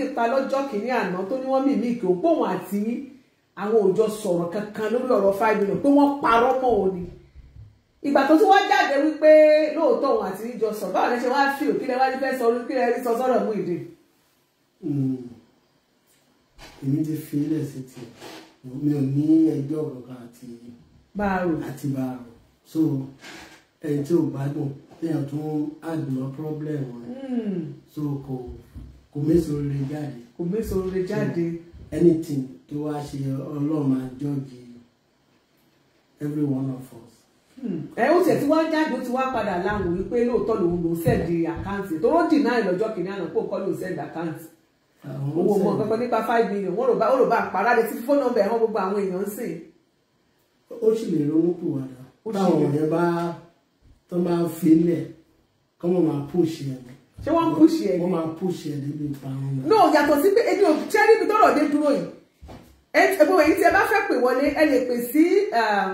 Miliki pa lọ́jọ́ kìíní àná tó ní wọ́n Miliki ó pòun àti àwọn òjò sọ̀rọ̀ kankan lórí ọ̀rọ̀ five million pé wọ́n parọ́ mọ́ òun ni ìgbà tó tún wá jáde wípé lóòótọ́ òun àti ìjọ sọ báwo lẹ ṣe wá fi òkìlẹ̀ wá ní fẹ́ sọ orí kílẹ̀ rí sọ sọ́dọ̀ mú ìdè. Hmm. èmi ti fi ilẹ̀ sí ti mi ò ní ẹgbẹ́ ọ̀rọ̀ kan àti báàrò àti báàrò so ẹni tí ò gbádùn téèyàn tún àgbọn problem wọn hmm. so kò kò méso rere jáde. kò méso rere jáde. anything tó wá ṣe ọlọ́run máa jọ́ọ̀gì every one of us. Hmm. ẹ ó tiẹ̀ tí wọ́n jáde ó ti wá padà láwọn wípé lóòótọ́ lòun ló sẹ́ẹ̀dì àkáǹtì tó rọ́ọ̀dì náà lọ́jọ́ kìnínní àná kó kọ́ lòun sẹ́ẹ̀dì àkáǹtì owó mọ kankan nípa five million wọn ò bá wọn ò bá àpárá lè ti fóònù ọbẹ̀ ẹ̀hán gbogbo àwọn èèyàn ń sè. ó sì lè ronú pò wá náà táwọn ọ̀rẹ́ bá tó máa ń filẹ̀ kọ́mọ̀ máa ṣé wọ́n ń pùṣì ẹ̀ ni. wọ́n máa pùṣì ẹ̀ níbi ìparun no yàtọ̀ sí pé èmi ò jẹ́ níbi tọ́rọ̀ dé dúró yìí ẹgbẹ́ èyí tí ẹ bá fẹ́ pè wọlé ẹ lè pè sí um,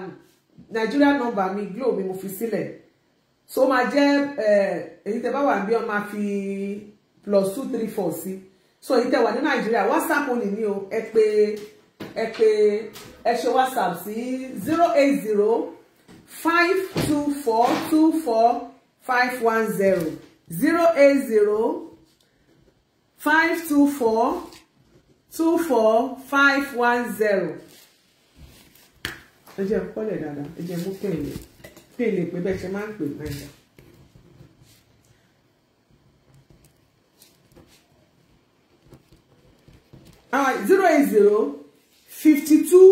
Nigeria number mi Glo mi mo fi sílẹ̀ so máa jẹ́ èyí tẹ bá wà níbí ọmọ àfi plus two three four sí so èyí tẹ wà ní Nàìjíríà WhatsApp òní ni o ẹ pè ẹ pè ẹ ṣe WhatsApp sí zero eight zero five two four two four five one zero zero eight zero five two four two four five one zero. ẹ jẹ́ kọ́lẹ̀ dáadáa ẹ jẹ́ mú pèlè pèlè pé bẹ́ẹ̀ ṣe máa ń pè mẹ́ta. Ah, zero eight zero fifty two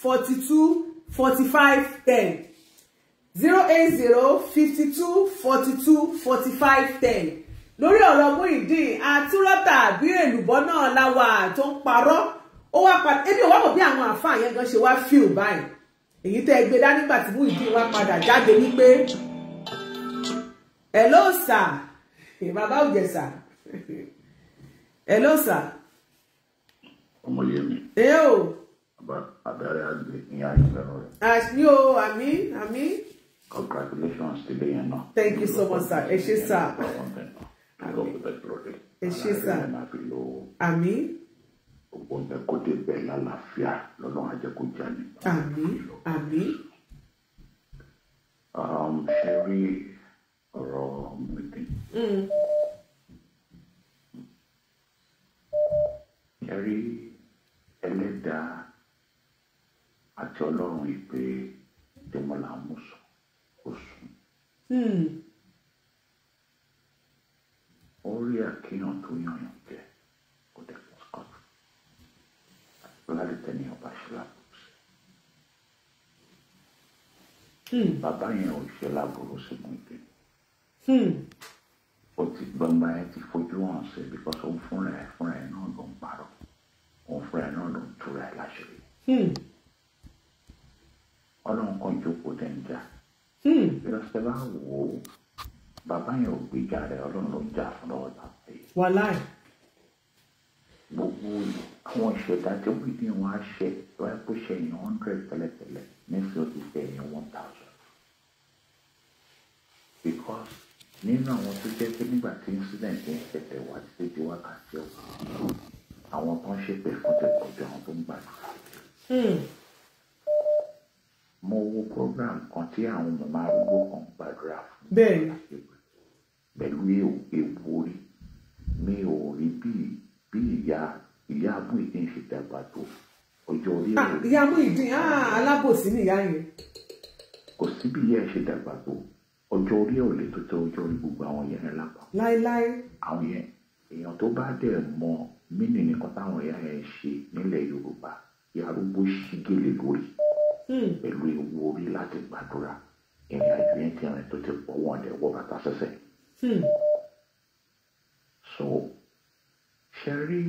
forty two forty five ten zero eight zero fifty two forty two forty five ten lórí ọ̀rọ̀ Muyideen àtúrọ́tà àbí èlùbọ́ náà láwa tó ń parọ́ ó wá padà ebi òwá mọ̀ bí àwọn àáfàá yẹn gan ṣe wá fíù báyìí èyí tẹ́ ẹ gbé dání nígbà tí Muyideen wá padà jáde wípé hello sir bàbá òjẹ̀sà hello sir. ọmọ yẹmi. ẹ o. abẹ́rẹ́ àgbẹ̀ ní àyè fẹ́ràn rẹ̀. àṣìyó àmì àmì. Congratulations to Leah. No. Thank you, so much, sir. Ẹ ṣé sir. I hope the best for it. Ẹ ṣé sir. Àmín. Gbogbo nǹkan kó dé bẹ́ẹ̀ lálàáfíà lọ́nà ajẹ́kọ̀jà ni. Àmín. Àmín. Um, ṣé rí ọ̀rọ̀ orí àkíyàn tó yànyàn jẹ kò dé pọ kọtù lálẹ́ tẹni ọba ṣe lábùrú bàbá yẹn ò ṣe lábùrú sí mú ìgbé ó ti gbọmọ ẹ ti fojú hàn sí bíkọ́sì òun fúnra ẹ fúnra ẹ náà ló ń parọ́ òun tẹ bá wò ó bàbá yẹn ò gbéjà rẹ ọlọ́run ló jà fún lọ́wọ́ tàbí. wàláì. gbogbo àwọn ìṣẹ̀dá tí wọ́n ní wọ́n á ṣe wọ́n á kó ṣe èèyàn hundred tẹ́lẹ̀tẹ́lẹ̀ nífẹ̀ẹ́ ti ṣe èèyàn one thousand. because nínú àwọn tó jẹ́ pé nígbà tí incident yẹn ṣẹ̀ṣẹ̀ wá sí ti wákàtí ọ̀hún àwọn kan ṣèpè fún tẹ̀kọ̀jọ́ àwọn tó ń gbàdúrà. Hmm mo wo program kan tí àwọn màmá arúgbó kan gbàdúrà fún. bẹ́ẹ̀ pẹ̀lú e, ewu orí mi ò rí bí bí ìyá ìyá abúlé ṣe dàgbà tó ọjọ́ orí ah, rẹ̀. ìyá abúlé dín ah, alábòsí ni ìyá yẹn. kò sí bí ìyá ẹ ṣe dàgbà tó ọjọ́ orí ẹ̀ ò lè tó tẹ ọjọ́ orí gbogbo àwọn yẹn rẹ̀ lápá. láéláé. àwọn yẹn èèyàn tó bá dẹ̀ mọ mínì nìkan táwọn ìyá yẹn ṣe nílẹ̀ Yorùbá ìyá arúgbó ṣì gèlè lórí. Hmm. pẹ̀lú ewu orí láti gbàdúrà ìrìn àjò yẹn ti rìn tó ti pọ̀ wọ́n lè wọ bàtà sẹ́sẹ̀. Hmm. so ṣe rí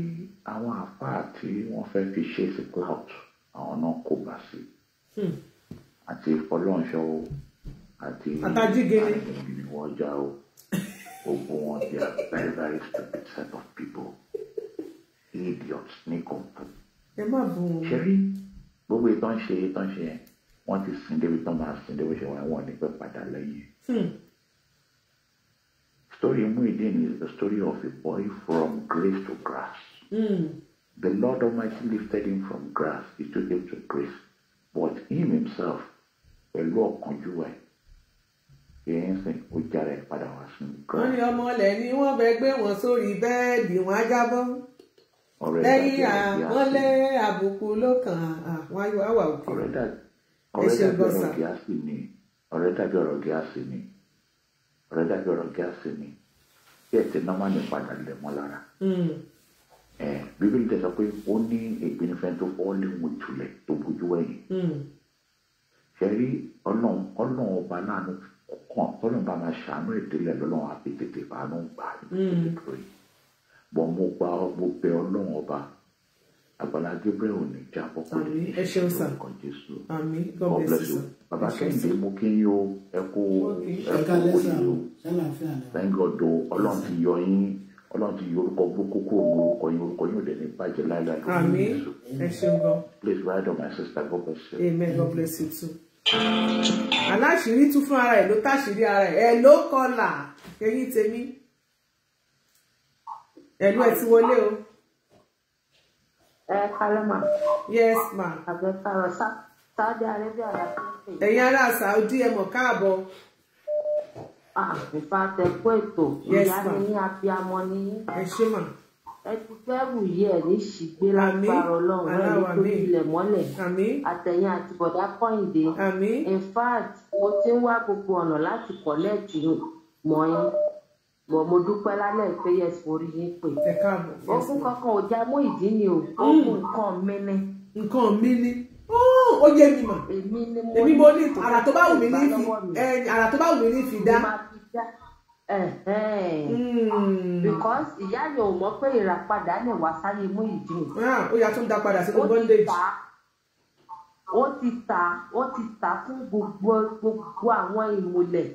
àwọn àfáà tí wọ́n fẹ́ fi ṣe sí cloud àwọn náà kò bá sí hmm. àti ìfọlọ́nṣọ́ o àti àìmọ̀ọ́jà o gbogbo wọn they are very very stupid set of people idiots ní kọ̀ọ̀kan. ẹ ṣe rí. gbogbo ètò ń ṣe ètò ń ṣe yẹn wọ́n ti sìn débi tán máa sìn débi ṣe wọ́n ní pẹ́ padà lẹ́yìn. Hmm. story Muideen is the story of a boy from grace to grass. Mm. The Lord Almighty lifted him from grass, he took him to grace. But him himself, pẹ̀lú ọ̀kánjú ẹ̀, èyí ń sìn ó jára ẹ̀ padà wá sínú wọ́n ní ọmọ ọlẹ̀ ni wọ́n gbé wọn sórí bẹ́ẹ̀dì wọn á jábọ́. lẹ́yìn àmọ́lé àbùkù ló kàn àwọn ayọ̀ àwà òkè ẹ̀ṣẹ̀ gbọ́sà. ọ̀rẹ́ dàbí ọ̀rọ̀ gíásì ni ọ̀rẹ́ dàbí ọ̀rọ̀ gíásì ni bí ẹ̀ ti nọ́mà ní padà lẹ̀ mọ́ lára. Hmm. bíbélì tẹ̀sán pé ó ní ìpínifẹ́ tó fọ́ léwọ̀n ìtulẹ̀ tó bójú ẹ̀yìn. Hmm. ṣẹ́rí ọlọ́run ọba láàánú kàn tọ́lọ́run bá máa ṣàánú ìdílé lọ́lọ́run àbí tètè bá ló ń gbà ní hmm. tètè tó yìí bọ̀ mo gba mo bẹ ọlọ́run ọba àgbàlá Gabriel ò ní jábọ́ kúrò ní ìṣẹ́ orúkọ Jésù God bless you bàbá Kẹ́hìndé mú kí n yó ẹkú ẹkú òye o thank o ọlọ́run ti yọ yín ọlọ́run ti yọ orúkọ burúkú kúrò ní orúkọ yín orúkọ yín ò dẹ̀ ní bàjẹ́ láíláí lórúkọ Jésù please write down my sister God bless you. amen God bless you too aláṣìírí tún fún ara ẹ̀ ló táṣìírí ara ẹ̀ ẹ̀ ló kọlà eyín tèmi ẹ̀lú ẹ̀ ti wọlé o. ẹ kalẹ́ ma. yes ma. àgbẹ̀kárọ̀ Saudi Arabia la ti ń pè. ẹ̀yin ará Saudi ẹ mọ̀ káàbọ̀. ìfà tẹ̀kú ètò ìyá mi ní abiyamọ ní. ẹ ṣé mà. ẹ ti fẹ́ wù yí ẹ̀ ní ṣìgbé lágbára ọlọ́run ẹ̀ ní tó ilẹ̀ mọ́lẹ̀ àtẹ̀yìn àti bọ̀dá Kọ́yìndé. in fact mo ti ń wá gbogbo ọ̀nà láti kọ́lẹ́ẹ̀tì mọ́ bọ̀ mo dúpẹ́ lálẹ́ pé yes orí yín pé ogún kankan ò já ìdí ni o mm. ogún nǹkan mi ni. nǹkan mi ni mm, ó yé mi mọ̀ èmi mo ní àrà tó bá wù mí ní fi àrà tó bá wù mí ní fi dá. Mm. because ìyá yẹn ò mọ̀ pé ìràpadà lè wá sáyé mú ìdí o. Ah, ó yà tún dá padà sí bondage ó ti ta ó ti ta fún gbogbo gbogbo àwọn ìmùlẹ̀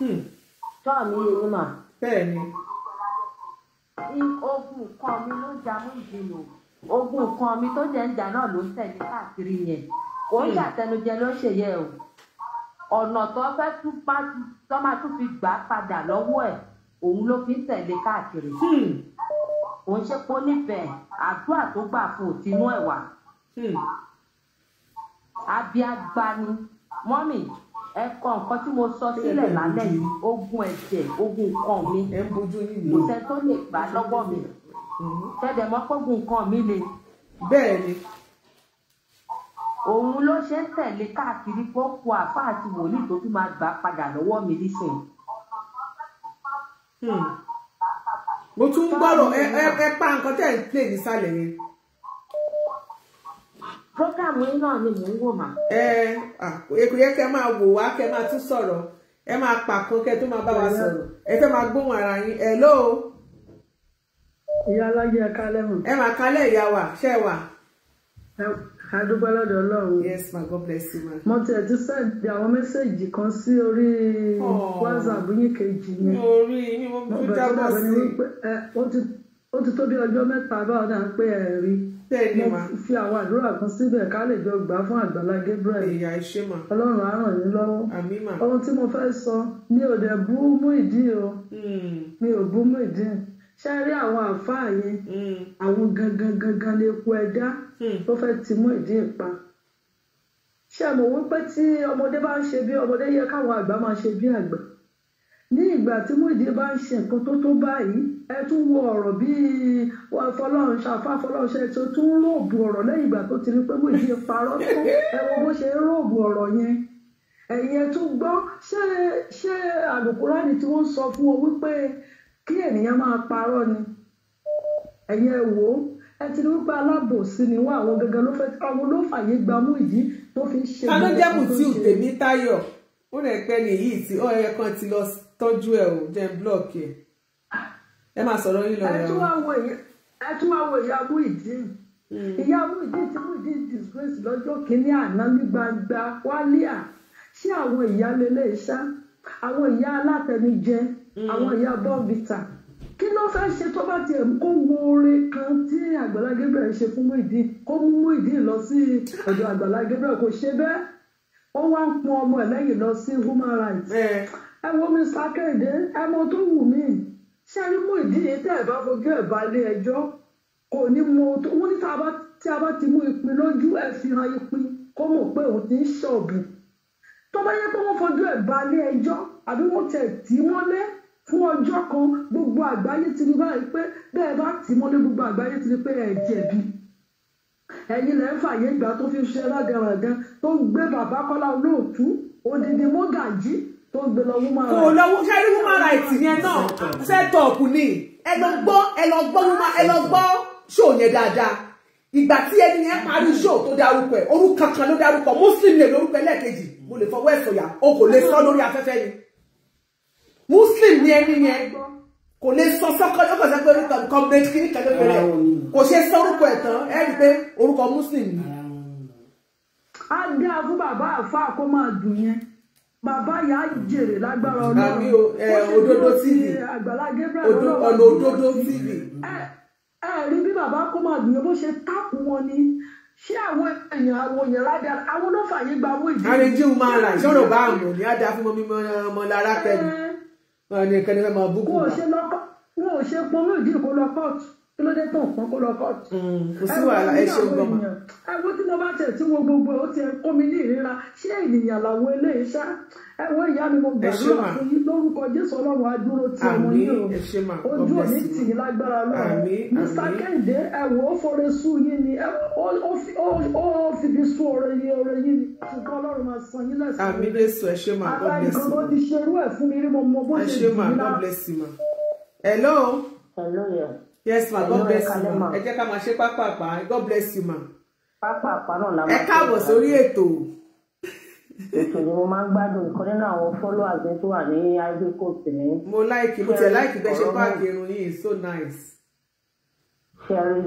Hmm. tọ́ àmì yẹn mà. bẹ́ẹ̀ ogun kan mi ló jà mú ìdìbò ogun kan mi tó jẹ́ ń jà náà ló ń tẹ̀lé káàkiri yẹn kò ń hmm. ṣàtẹnujẹ ló ṣe yẹ o ọ̀nà tó fẹ́ tó máa tún fi gbà padà lọ́wọ́ ẹ̀ òun ló fi ń tẹ̀lé káàkiri hmm. òun ṣe pé nífẹ̀ẹ́ àdúrà tó gbà fún òtinú ẹ̀ wá mọ́mì ẹ̀kọ́ nǹkan tí mo sọ sílẹ̀ lálẹ́ yìí ogun ẹ̀jẹ̀ ogun nǹkan mi kò sẹ́ tó lè gbà lọ́wọ́ mi tẹ́lẹ̀ mm-hmm. mọ́ pógun nǹkan mi le. bẹ́ẹ̀ ni. òun ló ṣe ń tẹ̀lé káàkiri pé ó kó àfa àti wòlíì tó fi máa gbà padà lọ́wọ́ mi nísìnyí. Hmm. mo tún ń gbọ́rọ̀ ẹ pa nǹkan tẹ̀ ń pè nísàlẹ̀ yẹn. program náà ni mò ń wò mà. ẹ ẹ kẹ máa wò wá kẹ máa tún sọ̀rọ̀ ẹ máa kẹ tó máa bá wa sọrọ ẹ máa gbóhùn ara ẹ ìyá alájẹ kálẹ̀ ẹ máa kálẹ̀ ìyá wa ṣe wa? ọlọ́run. yes ma god bless you ma. mo ti sẹ́ẹ̀dì àwọn mẹ́sẹ̀gì kan sí orí whatsapp yín kejì yẹn. orí mi mo bú jábọ̀ sí. ó ti tó bí ọjọ́ mẹ́ta mo fi àwọn àdúrà kan síbẹ̀ ká lè jọ gbà fún àgbàlá Gabriel ọlọ́run á ràn yín lọ́wọ́ ohun tí mo fẹ́ sọ mi ò dẹ̀ bú Muyideen o hmm. mi ò bú Muyideen ṣe rí àwọn àáfàá yẹn hmm. àwọn gangan gangan lè ku ẹ̀dá hmm. tó fẹ́ ti Muyideen pa ṣé mo wí pé tí ọmọdé bá ń ṣe bí ọmọdé yẹ káwọn àgbà máa ṣe bí àgbà ní ìgbà tí Múyìdí bá ń ṣe nǹkan tó tó báyìí ẹ tún wo ọ̀rọ̀ bíi fọlọ́runṣà fáfọlọ́runṣà tó tún róòbù ọ̀rọ̀ lẹ́yìn ìgbà tó ti rí pé Múyìdí parọ́ tó ẹ wo bó ṣe róòbù ọ̀rọ̀ yẹn ẹ̀yin ẹ tún gbọ́ ṣé ṣé àlùkùránì tí wọ́n sọ fún ọ wípé kí ènìyàn máa parọ́ ni ẹ̀yin ẹ wò ó ẹ ti rí wípé alábòsí ni wọ́n àwọn gangan ló fẹ́ àwọn ló fàyè gba Múyìdí tó fi ń ṣe. alójẹ́mù tí ò tèmi táyọ̀ ó rẹ̀ pẹ́ nìyí tí ọ̀rẹ́ kan ti lọ sí tọ́jú ẹ o jẹ́ blọọkì ẹ ẹ máa sọ̀rọ̀ yín lọ rẹ o. ẹ tún wá wo ìyá Muyideen hmm. ìyá Muyideen ti Muyideen disgrace lọ́jọ́ kínní àná ní gbangba wálíà sí àwọn ìyá lélẹ̀ iṣá àwọn ìyá alátẹnijẹ hmm. àwọn ìyá bọ́ọ̀bìtà kí ló fẹ́ ṣe tó bá tiẹ̀ kó wo oore kan tí Àgbàlá Gabriel ṣe fún Muyideen kó mú Muyideen lọ sí ọ̀dọ̀ Àgbàlá Gabriel kò ṣe bẹ́ẹ̀ ó wá ń pọn ọmọ ẹ̀ lẹ́yìn lọ sí human rights ẹ wo mi sàkéde ẹ mọ tó wù mí ṣé ẹ rí mú ìdíyẹ tẹ ẹ bá fojú ẹ bá lé ẹjọ́ kò ní mọ tó wọn ní tí a bá ti mú ìpín lójú ẹ fi hàn ìpín kó mọ̀ pé òun ti ń ṣọ̀bù tó bá yẹ pé wọ́n fojú ẹ̀ bá lé ẹjọ́ àbí wọ́n tẹ̀ tí mọ́lé fún ọjọ́ kan gbogbo àgbáyé ti rí báyìí pé bẹ́ẹ̀ bá tì mọ́lé gbogbo àgbáyé ti rí pé ẹ̀ jẹ̀bi ẹ̀yin lẹ́ ń fàyè ìgbà tó fi ṣe rádaràdan tó gbé bàbá kọ́lá olóòtú òdìdí mọ́gàjí tó ń gbé lọ woman right. kò lọ ṣe rí woman right yẹn náà set up ni ẹ lọ gbọ́ ẹ lọ gbọ́ woman ẹ lọ gbọ́ show yẹn dáadáa ìgbà tí ẹni yẹn parí show tó dárúkọ ẹ orúkọ kankan ló dárúkọ muslim lè lórúkọ ẹlẹ́ẹ̀kejì mo lè fọwọ́ ẹ̀sọ̀ yà o kò lè sọ lórí afẹ́fẹ́ ni muslim ni ẹni yẹn kò lè sọ sọ́kọ́ lọ́kọ̀ sọ pé orúkọ comrade kiri kan ló fẹ́rẹ̀ kò ṣe sọ orúkọ ẹ̀ tán rí pé orúkọ muslim ni. a dá fún bàbá àfa kó máa dùn yẹn bàbá yà á jèrè lágbára ọlọ́run àmì òdodo tv ọ̀nà òdodo tv. ẹ rí bí bàbá kó máa gbìyànjú bó ṣe táàpù wọn ni ṣé àwọn èèyàn àwọn èèyàn ládà àwọn ló fààyè gba owó ìdílé. arìnjìn máa rà ìṣòro bá àmọ̀ ní àdá fún mi ọmọ lára kẹrin wọn ni kẹrin fẹ́ máa ò ṣe pọnrọ ìdí ìkó lọ kí ló dé tó nǹkan kó lọ kọ́ọ̀tù. Hmm, kò sí wàhálà ẹ ṣeun gbọmọ. ẹ tí mo bá tẹ̀ tí wo gbogbo ó ti kó mi ní ìríra ṣé ènìyàn làwọn eléyìí ṣá ẹ ìyá mi mo gbàdúrà fún yín lórúkọ Jésù Ọlọ́run adúró tí ọmọ yín o ojú òní tì yín lágbára lọ́rùn Mr Kẹ́hìndé ẹ ó fore sú yín ni ó fìdí sú ọ̀rọ̀ yín ọ̀rọ̀ yín ni ṣùgbọ́n Ọlọ́run máa san yín lẹ́sìn. àmì lẹ́sùn ẹ ṣe máa God bless you. àbá ti ṣerú ẹ̀ fún mi rí mo mọ hello yes ma god bless you ma ẹ jẹ́ ká máa ṣe pápápá god bless you ma. pápápá náà la máa ṣe ẹ káàbọ̀ sórí ètò. ètò ni mo máa ń gbádùn ìkan nínú àwọn followers mi tó wà ní ivory coast ní. mo láìkì mo tẹ láìkì bẹ ṣe páàkì irun yìí so nice. sherry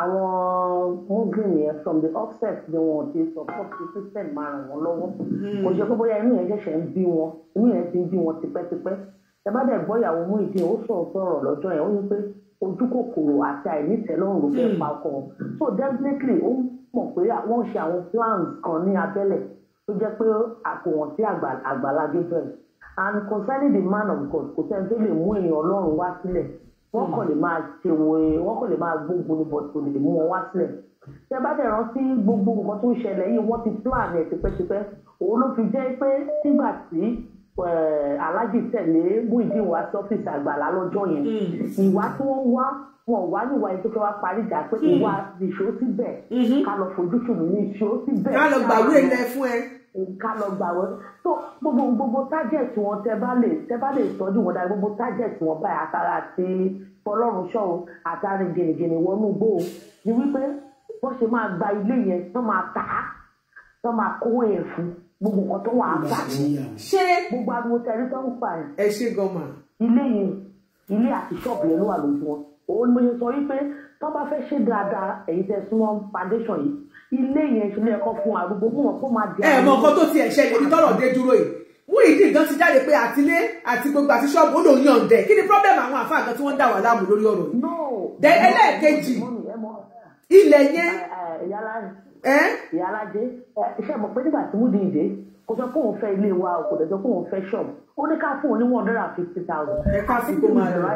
àwọn gúngìn yẹn from the offset ni wọn ti support the system máa ràn wọn lọ́wọ́ hmm. kò jẹ́ pé bóyá inú yẹn ṣẹ̀ṣẹ̀ ń bí wọn inú yẹn ti ń bí wọn tipẹ́tipẹ́ ẹ bá dẹ̀ gbọ́ ìyàwó mú ìdí ó sọ̀rọ̀ sọ̀rọ̀ lọ́jọ́ yẹn ó ní pé ojú àti àìnítẹ́lọ́rùn ló fẹ́ hmm. pa ọkọ so definitely ó mọ̀ pé wọ́n ṣe àwọn plans kan ní abẹ́lẹ̀ tó jẹ́ pé àpò wọn sí àgbàlá Gabriel and concerning the man of God kò sẹ́ni tó lè mú èèyàn ọlọ́run wá sílẹ̀ wọ́n kàn lè máa ṣèwé wọ́n kàn lè máa gbógun ní bọ̀tò lè mú wọn wá sílẹ̀ tẹ bá dẹ̀ rántí gbogbo nǹkan tó ń ṣẹlẹ̀ yìí wọ́n ti plan ẹ̀ tipẹ́tipẹ́ òun ló fi jẹ́ pé nígbà tí Eh, alájì tẹ̀lé Muyideen wá sí ọ́fíìsì àgbàlá lọ́jọ́ yẹn mm. ìwà tí wọ́n wá wọn ò wá níwà ẹni tó fẹ́ wá parí ìjà pé mm. ìwà ìṣó sí bẹ̀ mm-hmm. ká lọ fojú sùnmù ní ìṣó sí bẹ̀ ká lọ gbàwé ilẹ̀ fún ẹ. ká lọ gbàwé tó gbogbo gbogbo tájẹ̀tì wọn tẹ bá lè tẹ bá lè tọ́jú wọn dáa gbogbo tájẹ̀tì wọn báyìí àtàrà àti fọlọ́run ṣọ́ọ̀ àtàrin gèrègèrè wọnú gbó ni wípé wọ́n ṣe máa gba ilé yẹn tó máa tà á tó máa kówó yẹn fún un gbogbo nǹkan tó wà á fà ní ṣé gbogbo ariwo tẹrí tó ń fà yìí. ẹ ṣe gọmà. ilé yìí ilé àti ṣọ́ọ̀bù yẹn ló wà lójú wọn òun ni mo sọ wípé tó bá fẹ́ ṣe dáadáa èyí tẹ súnmọ́ foundation yìí ilé yẹn ìṣúlẹ̀ ẹ̀kọ́ fún arúgbó fún wọn kó máa di. ẹ mọ nǹkan tó ti ẹ̀ṣẹ̀ lè ní dé dúró yìí Muyideen gan ti jáde pé àtilé àti gbogbo àti ṣọ́ọ̀bù ó lòun ń dà ìyá aládé iṣẹ́ mọ̀ pé nígbà tí wúdi ìdè kò sọ pé òun fẹ́ ilé wa kò dẹ̀ sọ pé òun fẹ́ ṣọ́ọ̀bù ó ní ká fún òun ní one hundred and fifty thousand ká sì tó máa lọ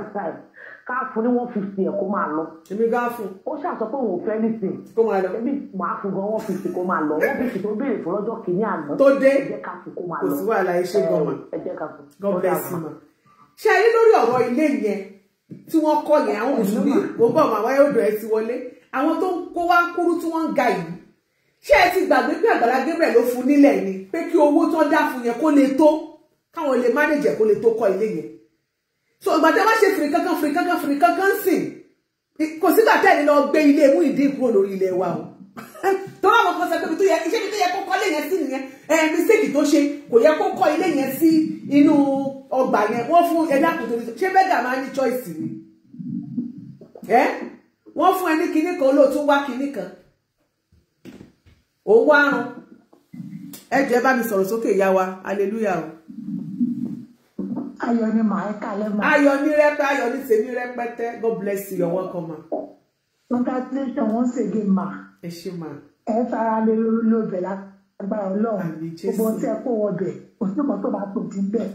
ká fún ní one fifty ẹ̀ kó máa lọ. èmi ká fún. ó ṣàṣọ pé òun fẹ́ ní kó máa lọ. ebi màá fún gan one fifty kó máa lọ one fifty tó béèrè fún lọ́jọ́ kìíní àná. tó dé ẹ jẹ́ ká fún kó máa lọ. kò sí wàhálà iṣẹ́ gọ̀mà. ẹ jẹ́ ká fún. God bless you ma. ṣe ayé lórí ọ̀rọ̀ ilé yẹn tí wọ́n kọ́ yẹn àwọn mùsùlùmí gbogbo àwọn àwáyé ọ̀dọ̀ ẹ ti wọlé àwọn tó ń kó wá kúrú tí wọ́n ń ga yìí ṣé ẹ ti gbàgbé pé Àgbàlá Gabriel ló fún nílẹ̀ ni pé kí owó tó dá fún yẹn kó lè tó káwọn lè mánéjẹ kó lè tó kọ́ ilé yẹn so ìgbà tí a bá ṣe fìrì kankan fìrì kankan fìrì kankan sìn kò sígbà tẹ́lẹ̀ lọ gbé ilé mú ìdí kúrò lórí ilé wa o tó bá wọn kan sọ pé tó yẹ iṣẹ́ mi tó yẹ kó kọ́ ilé yẹn sí nìyẹn ẹ̀ẹ́n mistake tó ṣe kò yẹ kó kọ́ ilé yẹn sí inú ọgbà yẹn wọ́n fún ẹ̀dá kòtò ṣé bẹ́ẹ̀ dà máa ní choice ni wọ́n fún ẹ ní kinní kan olóòtú wá kinní ó ń wá run ẹ jẹ́ bá mi sọ̀rọ̀ sókè ìyá wa hallelujah o. ayọ̀ ni màá ẹ kalẹ̀ mọ́. ayọ̀ rẹpẹ ayọ̀ ní tèmi rẹpẹtẹ god bless you you're welcome ma. congratulations once again ma. ẹ ṣé ma. ẹ fara lé lóbẹ̀ lágbára ọlọ́run gbogbo ohun tí ẹ kó wọbẹ̀ òsínbọ̀ tó bá tò dín bẹ́ẹ̀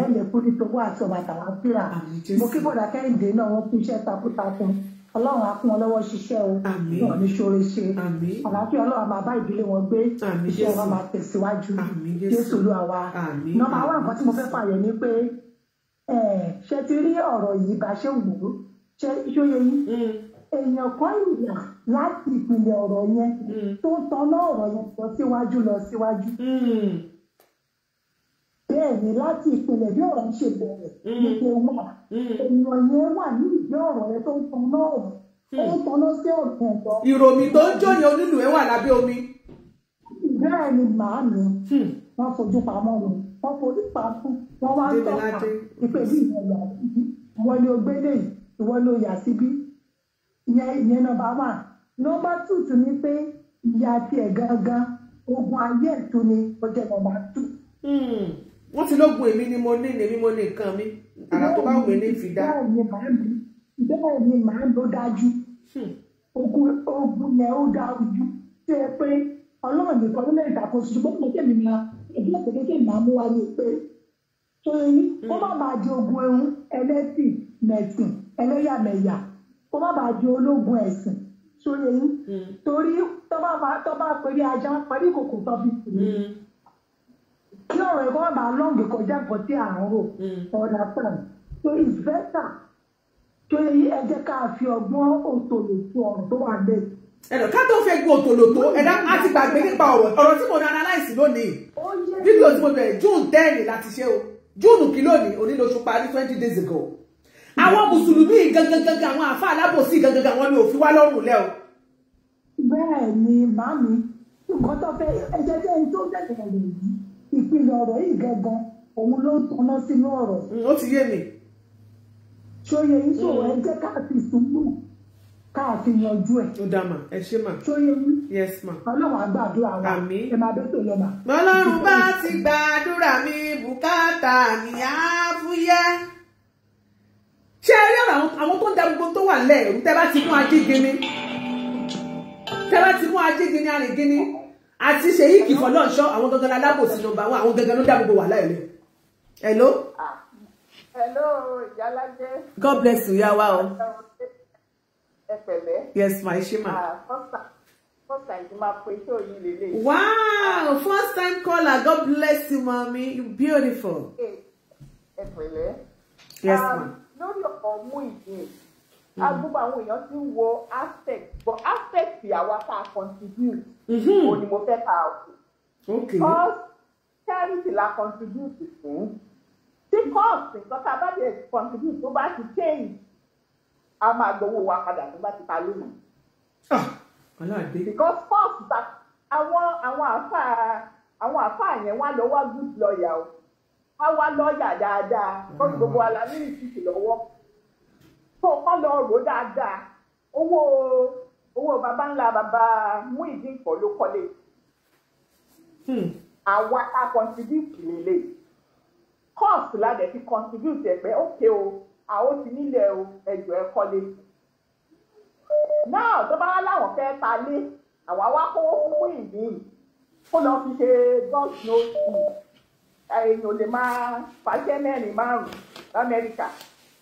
ẹ lè kú nítorí àti ọ̀bàtà wá fíra mo kí bọ̀dà kẹ́hìndé náà wọ́n fi iṣẹ́ takuntakun ọlọ́run á kún wọn lọ́wọ́ ṣiṣẹ́ o náà ní ṣoore ṣe àlàáfíà ọlọ́run bàbá ìdílé wọn gbé iṣẹ́ wọn máa tẹ̀síwájú jésù ló àwa nọ́mbà wà nǹkan tí mo fẹ́ pààyàn ni pé ṣe ti rí ọ̀rọ̀ yìí bá ṣe wò ó ṣe ṣóye yín hmm. èèyàn kan ìyà láti ìpìlẹ̀ ọ̀rọ̀ yẹn hmm. tó ń taná ọ̀rọ̀ yẹn lọ síwájú lọ síwájú hmm bẹ́ẹ̀ ni láti ìpìlẹ̀ bí ọ̀rọ̀ ń ṣe bẹ̀rẹ̀ nípe mm. wà mm. èèyàn yẹn wà ní ìgbé ọ̀rọ̀ yẹn tó ń tan náà ó ń mm. tan náà sí ọ̀gbìn ẹ̀gbọ́. ìròmí tó ń jòyè onílù ẹ wà lábẹ́ omi. bẹ́ẹ̀ ni màá mi hmm. wọ́n fojú pamọ́ mi wọ́n fojú pamọ́ wọ́n wá ń tọ́ka ìpè bí ìwọ̀n yà síbí ìwọ ni o lè ìwọ ni o yà síbí ìyẹn nọ́mbà wà nọ́mbà tù tù pé ìyá tiẹ̀ gangan ogun ayé ètò ni ó jẹ́ nọ́mbà tù wọ́n ti lógun èmi ni mo ní èmi mo ní nǹkan mi àrà tó bá wù mí fi bẹ́ẹ̀ ni màá ló dájú hmm. ogun lẹ̀ ó dá ojú tí ẹ pé ọlọ́run nìkan ló lẹ́yìn ìtàkùn ṣùgbọ́n mo tẹ̀mí ma ẹgbẹ́ ìpèkékè màá mú wa ní pé tó yín kó má bàa di ogun ẹ̀hún ẹlẹ́sìn mẹ̀sìn ẹlẹ́yàmẹ̀yà kó má bàa di ológun ẹ̀sìn hmm. tó yín torí tó bá pẹ̀lú ajá pẹ̀lú ìkòkò tó kí ọ̀rọ̀ ẹ̀kọ́ máa lọ́ǹgì kọjá nǹkan tí à ń rò hmm. ọ̀nà tàn so it's better tó ẹ jẹ́ ká fi ọgbọ́n òtòlòtò ọ̀rọ̀ tó wà lẹ́yìn ẹ̀rọ ká tó fẹ́ gbọ́ tòlótó ẹ̀dá á ti gbàgbé nípa ọ̀rọ̀ ọ̀rọ̀ tí mo ní analyse lónìí fídíò tí mo bẹ̀rẹ̀ june ten láti ṣe o june kí lónìí onílòṣù parí twenty days ago àwọn mùsùlùmí gangangangan àwọn àfa alábòsí gangangan wọn ni ò fi wá lọ́rùn lẹ́ o. bẹ́ẹ̀ ni màmí nǹkan tó fẹ́ ẹ̀jẹ̀ jẹ́ ẹni tó bẹ̀rẹ̀ yìí ọ̀rọ̀ yìí gangan òun ló ń tanná sínú ọ̀rọ̀. Mm, ó ti yé mi. ṣòye yìí sọ̀rọ̀ mm. ẹ jẹ́ káàfin sùúrù káàfin yanjú ẹ̀. ó dá mà ẹ ṣe mà. ṣòye yìí. yes ma. ọlọ́run àgbàdúrà wa. àmín. ẹ máa bẹ́tò lọ́mà. ọlọ́run bá ti gbàdúrà mi bùkátà mi á fúyẹ́ ṣé ẹ rí ọ̀rọ̀ àwọn tó ń da gbogbo tó wà lẹ́ẹ̀rú tẹ́ bá ti mú ajígini tẹ́ bá ti mú ajígini arìngini àti ṣèyí kìfọ́ náà ṣọ́ àwọn gangan alábòsí nọ́mbà wọn àwọn gangan ló dá gbogbo wàhálà ẹ̀ hello. Ah, hello ìyálájẹ. god bless you yàwá o. ẹ yes my shima. Ah, wow first time caller god bless you mami you beautiful. ẹ yes ah, ma. lórí ọ̀pọ̀ ìdí mm. agbóhùn àwọn èèyàn ti ń wo aspect but aspect àwa tá a contribute òun mm-hmm. ni mo fẹ́ ka òkè. because charity la contribute fún tí cost nǹkan tá a bá lè contribute tó bá ti change a máa gbowó wa padà tó bá ti ta lónìí. Ah, because cost ta àwọn àwọn àfáà àwọn àfáà yẹn wá lọ́wọ́ good lawyer o wá wá lọ́ọ̀yà dáadáa kó gbogbo alámìrì ti sì lọ́wọ́ tó kọ́ lọ rò dáadáa owó owó baba ńlá baba Muyideen Ìfọ̀ ló kọ́lé hmm. àwa ta contribute lélẹ̀ cost ládẹ̀ fi contribute ẹ̀ pé ókè o àwọn ti nílẹ̀ o ẹ̀jọ̀ ẹ̀ kọ́lé náà tó bá wá láwọn fẹ́ ta lé àwa wá kówó fún Muyideen kó lọ fi ṣe god knows who èèyàn lè máa fàṣẹ mẹ́rin márùn-ún lamẹ́ríkà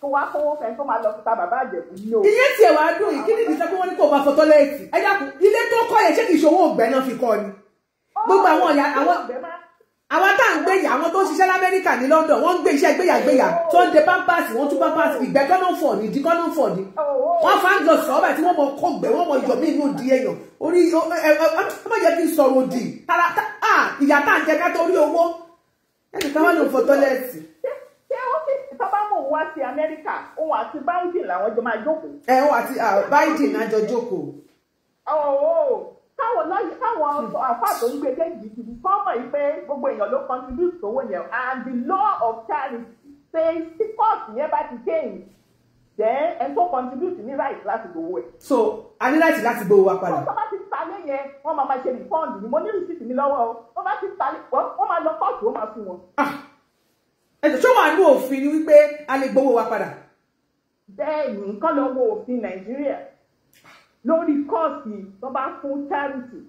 kó wá kówó fẹ́ tó máa lọ fi ta bàbá àjẹ̀kú ní o. iye tiẹ̀ wá dùn yìí kí ni ìdíje pé wọ́n ní kó o máa fọ tọ́lẹ́ẹ̀tì ẹ dákun ilé tó kọ́ yẹn ṣé kì í ṣòwò ògbẹ́ náà fi kọ́ ni. gbogbo àwọn ọ̀yà àwọn àwọn tá à ń gbé yà àwọn tó ń ṣiṣẹ́ lamẹ́ríkà ní London wọ́n ń gbé iṣẹ́ gbéyàgbéyà oh. tó ń de pampers wọ́n tún pampers ìgbẹ́ kọ́nọ́fọ̀ ní di kọ́nọ́fọ̀ ní wọ́n fa ń lọ sọ́ọ́bà tí wọ́n mọ kọ́gbẹ́ wọ́n mọ yọ mí inú di èèyàn orí ọmọ yẹ kí n sọ̀rọ̀ òdì ah, ìyá tá à ń jẹ ká tó rí owó ẹnìkan wà ló ń fọ tọ́lẹ́ẹ̀tì òun wá sí amẹ́ríkà òun àti biden làwọn jọ máa jókòó. ẹ òun àti biden náà jọ jókòó. ọ̀ọ́ káwọn lọ́yìn káwọn àfáà tó ń gbé dé jìbìtì fọ́ọ̀mọ̀ yìí pé gbogbo èèyàn ló contribute sówó yẹn and the law of charity say tí kóòtù yẹn bá ti kéyìn then ẹni tó contribute ní right láti gbowó ẹ̀. so a ní láti láti gbowó wa padà. wọ́n bá ti talé yẹn wọ́n máa ma ṣe refund ni mo ní rìsíìtì mi lọ́wọ́ o wọ́n bá ti talé wọ́n máa lọ kóòtù ó máa fún wọn. Ah! ẹ̀sẹ̀ tó wà ní òfin ni wípé a lè gbowó wa padà. bẹ́ẹ̀ ni nǹkan ló ń wo òfin nàìjíríà lórí kọ́ọ̀sì tó bá fún charity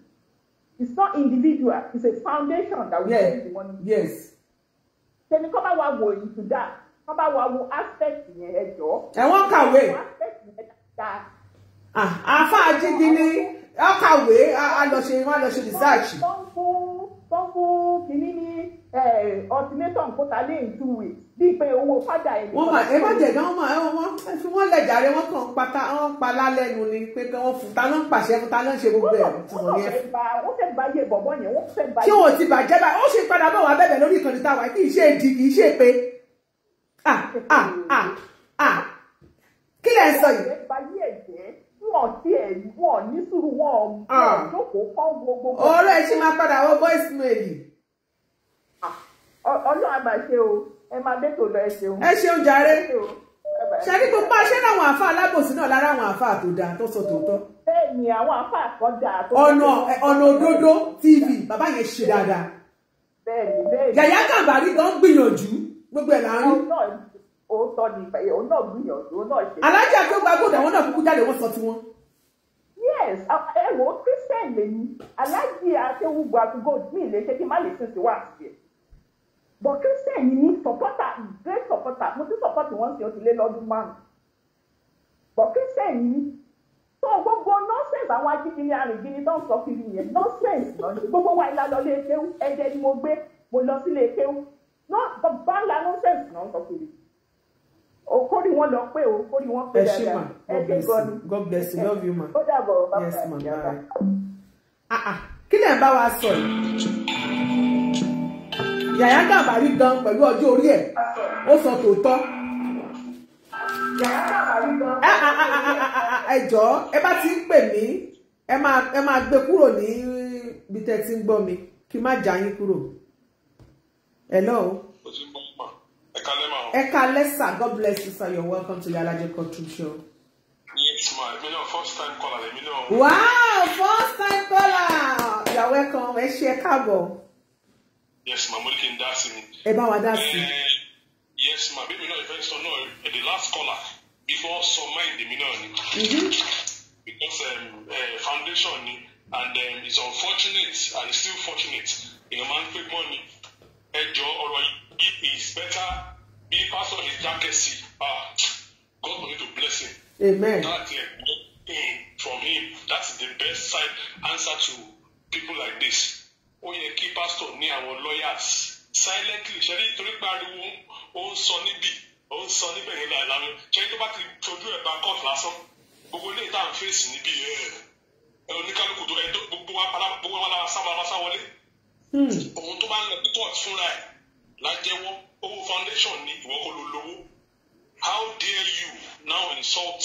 it's not individual it's a foundation that we yeah. give the money. yes. tẹ̀mí kọ́ bá wa wo into that kọ́ bá wa wo aspect yẹn ẹ jọ. ẹ̀wọ̀n kàwé. aspect yẹn dáadáa. àfa àjíǹde ni ọkàwé a lọ ṣe research. wọ́n fún wọ́n fún ọ̀tínẹ́tọ̀ eh, ń kóta lé ìtú wẹ̀ bíi pé owó fádà ẹ̀. wọ́n máa ẹ má jẹ̀dá wọn máa wọn ẹ fi wọ́n lẹ̀ jàre wọ́n kàn pata wọ́n pa lálẹ́nu ni pé kí wọ́n fún ta ló ń pàṣẹ fún ta ló ń ṣe gbogbo ẹ̀ tí wọ́n yẹ. wọ́n fẹ́ gba iye bọ̀bọ̀ yẹn wọ́n fẹ́ gba iye. tí wọn ti bàjẹ́ báyìí ó ṣe padà bọ̀ wá bẹ̀bẹ̀ lórí ìkànnì táwa kì í ṣe èdì kì í ṣe pé kí lẹ sọ yìí. Wọ́n ti ẹ̀ wọ̀ ní sùúrù wọn ọ̀gbìn ìjókòó kọ́ gbogbo. Ọ̀rẹ́ ṣe máa padà wọ ọlọ́run àgbà ṣe o ẹ máa bẹ́tò lọ ẹ ṣeun. ẹ ṣeun jàre ṣe ní gbogbo àṣẹ làwọn àáfàá alábòsí náà lára àwọn àáfàá tó dáa tó sọ tòótọ́. bẹ́ẹ̀ni àwọn àáfàá kan dáa. ọ̀nà ọ̀nà òdodo tv bàbá yẹn ṣe dáadáa. bẹ́ẹ̀ni bẹ́ẹ̀ni. yàyà kàbàrí gan gbìyànjú gbogbo ẹ̀ láàrin. òótọ́ ni òun náà gbìyànjú òun náà ṣe. alájà tó gbàgbọ́dọ̀ àwọn náà kúkú jáde wọ́n sọ tiwọn yes ẹ wo christian lèmi aláàjì àtẹwùgbò àtúgò mi lè ṣe kí n má lè sùn sí wàásù yẹn but christian yìí ní supporter great supporter mo ti support wọn sí òtún lé lọ́dún márùn but christian yìí tó gbogbo nonsense àwọn ajínigbé arìnrìn tó ń sọ kiri yẹn nonsense gbogbo wa ìlànà lè kéwú ẹ̀jẹ̀ ni mo gbé mo lọ sílé kéwú náà bá ńlá nonsense náà ń sọ kiri okori wọn lọ pé okori wọn pé dáadáa ẹ ṣe gan ni god bless you love you ma ó dàbọ̀ bàbá yes ma bye ah ah kí lè bá wa sọ yìí. Yàyà Gàbàrí gan pẹ̀lú ọjọ́ orí ẹ̀ ó sọ tòótọ́. ẹ jọ̀ọ́ ẹ bá ti ń pè mí ẹ máa gbé kúrò ní ibi tẹ́ ti ń gbọ́ mi kí n má já yín kúrò. hello. ẹ kalẹ́ sir god bless you sir you're welcome to Yalaje Culture Show. Yes, ma. You know, first time caller. You know. Wow, first time caller. You're welcome. Ẹ ṣé, ẹ káàbọ̀ yes ma mo ní kí n dá sí mi. ẹ bá wa dá sí. Eh, yes ma bébí náà ìfẹ́ sọ náà the last caller before so mind èmi náà ni. Mm-hmm. because um, uh, foundation and um, it's unfortunate and still fortunate èèyàn máa man, pè money, ni ẹjọ́ ọ̀rọ̀ yìí is better bí pastor ṣe dákẹ́ sí ah God will need to bless him. amen. that uh, from him that's the best side answer to people like this ó yẹ kí pásítọ̀ ní àwọn lawyers silently ṣe ní pariwo ó ń sọ níbí ó ń sọ níbẹ̀ yẹn láìláàmú ṣe tó bá ti fojú ẹ̀ bá court lásán gbogbo ilé ìta fèsì níbí ẹ̀ oníkálukú tó ẹ̀ gbogbo wa pala gbogbo wa lára sábà wá sáwọlé òun hmm. tó bá ń lọ sí court fúnra ẹ̀ lájẹ́wọ́ owó foundation ni ìwọ kò lò lówó how dare you now insult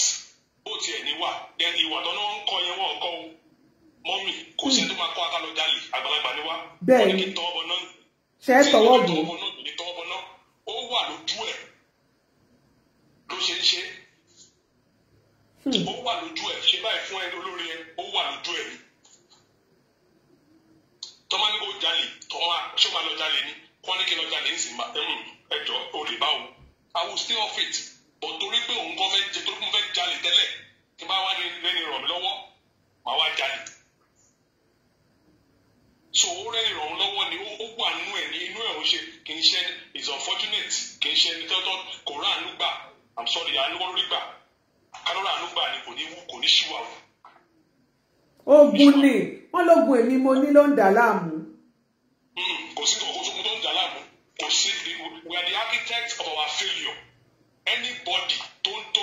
bó tiẹ̀ níwà then ìwà tó náà ń kọ yẹn wọ́n kọ́ o mọ́mì kò sí tó máa kọ́ akálọ̀ jalè àgbàlagbà ni wá wọ́n ní kí tọ́ ọmọ náà ṣe é tọwọ́ bò ó ní tọ́ ọmọ náà ó wà lójú ẹ̀ ló ṣe ń ṣe hmm. ó wà lójú ẹ̀ ṣe báyìí fún ẹ olórí ẹ ó wà lójú ẹ̀ ni tọ́mọ ní kò jalè tọ́mọ ṣé máa lọ jalè ni wọ́n lọ jalè ń sì máa ẹjọ́ olè báwo I will stay off it but torí pé òun kọ́ fẹ́ jẹ torí pé mo fẹ́ jalè tẹ́lẹ̀ tí bá wà ní lẹ́ni ràn mí lọ́wọ́ màá wá jalè so ó rẹ́ ìrànlọ́wọ́ ni ó wà nínú ẹ̀ ní inú ẹ̀ ó ṣe kì í ṣe is unfortunate kì í ṣe ẹni tọ́tọ́ kò rà ánú gbà i'm sorry àánú lórí gbà kálọ́rà ánú gbà ni kò ní wú kò ní ṣìwà wù. ogun ni wọn lóògùn èmi mo ní ló ń dà láàmú. Hmm, kò sí kò sí tó ń dà láàmú kò sí we are the architects of our failure anybody tó ń tó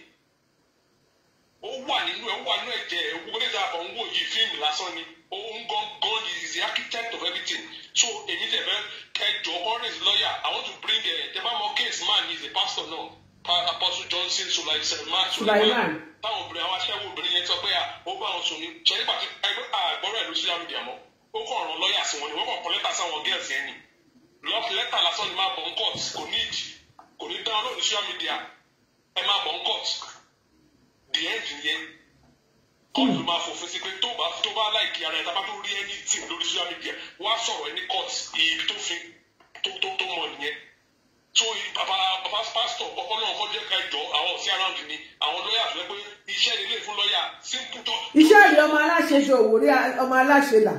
ó wà nínú ẹ̀ ó wà nínú ẹ̀jẹ̀ ẹ̀ wọ́n nígbà kan wò yìí fíìmù lásán ni òun gangan is the architect of everything so èmi dẹ̀ fẹ́ kẹjọ orange lawyer I want to bring eh, ẹ̀ ẹ̀ bá mọ case man is the pastor náà pa Apostle Johnson sulaiman sulaiman táwọn obìnrin àwọn aṣẹ́wó obìnrin yẹn sọ pé ah, ó bá wọn sùn ní ṣẹ́yìn pàtó àgbọ̀rọ̀ ẹ̀ ló sí àmì àmọ́ ó kàn ràn lọ́ọ̀yà sí wọn ni wọ́n kàn kọ́ lẹ́tà sáwọn girls yẹn ni lọ́ọ̀kì lẹ́tà lásán ni máa bọ̀ ń court kò ní ìdí kò ní dáhùn lónìí social media ẹ máa bọ̀ ń court the end yẹn kóòtù ló máa fòfin sí pé tó bá tó bá láìkí ara ẹ̀ tá a bá tó rí ẹni tì lórí social media wá sọ̀rọ̀ ẹni court ibi tó fi tó tó tó mọ̀ nìyẹn tó bàbá bàbá pásítọ̀ ọlọ́run kọ́ jẹ́ ká jọ àwọn ọ̀sẹ̀ around ni àwọn lọ́ọ̀yà tó yẹ pé iṣẹ́ ilé fún lọ́ọ̀yà simple tó. iṣẹ́ yìí ọmọ aláṣẹ ṣe òwúrí ọmọ aláṣẹ là.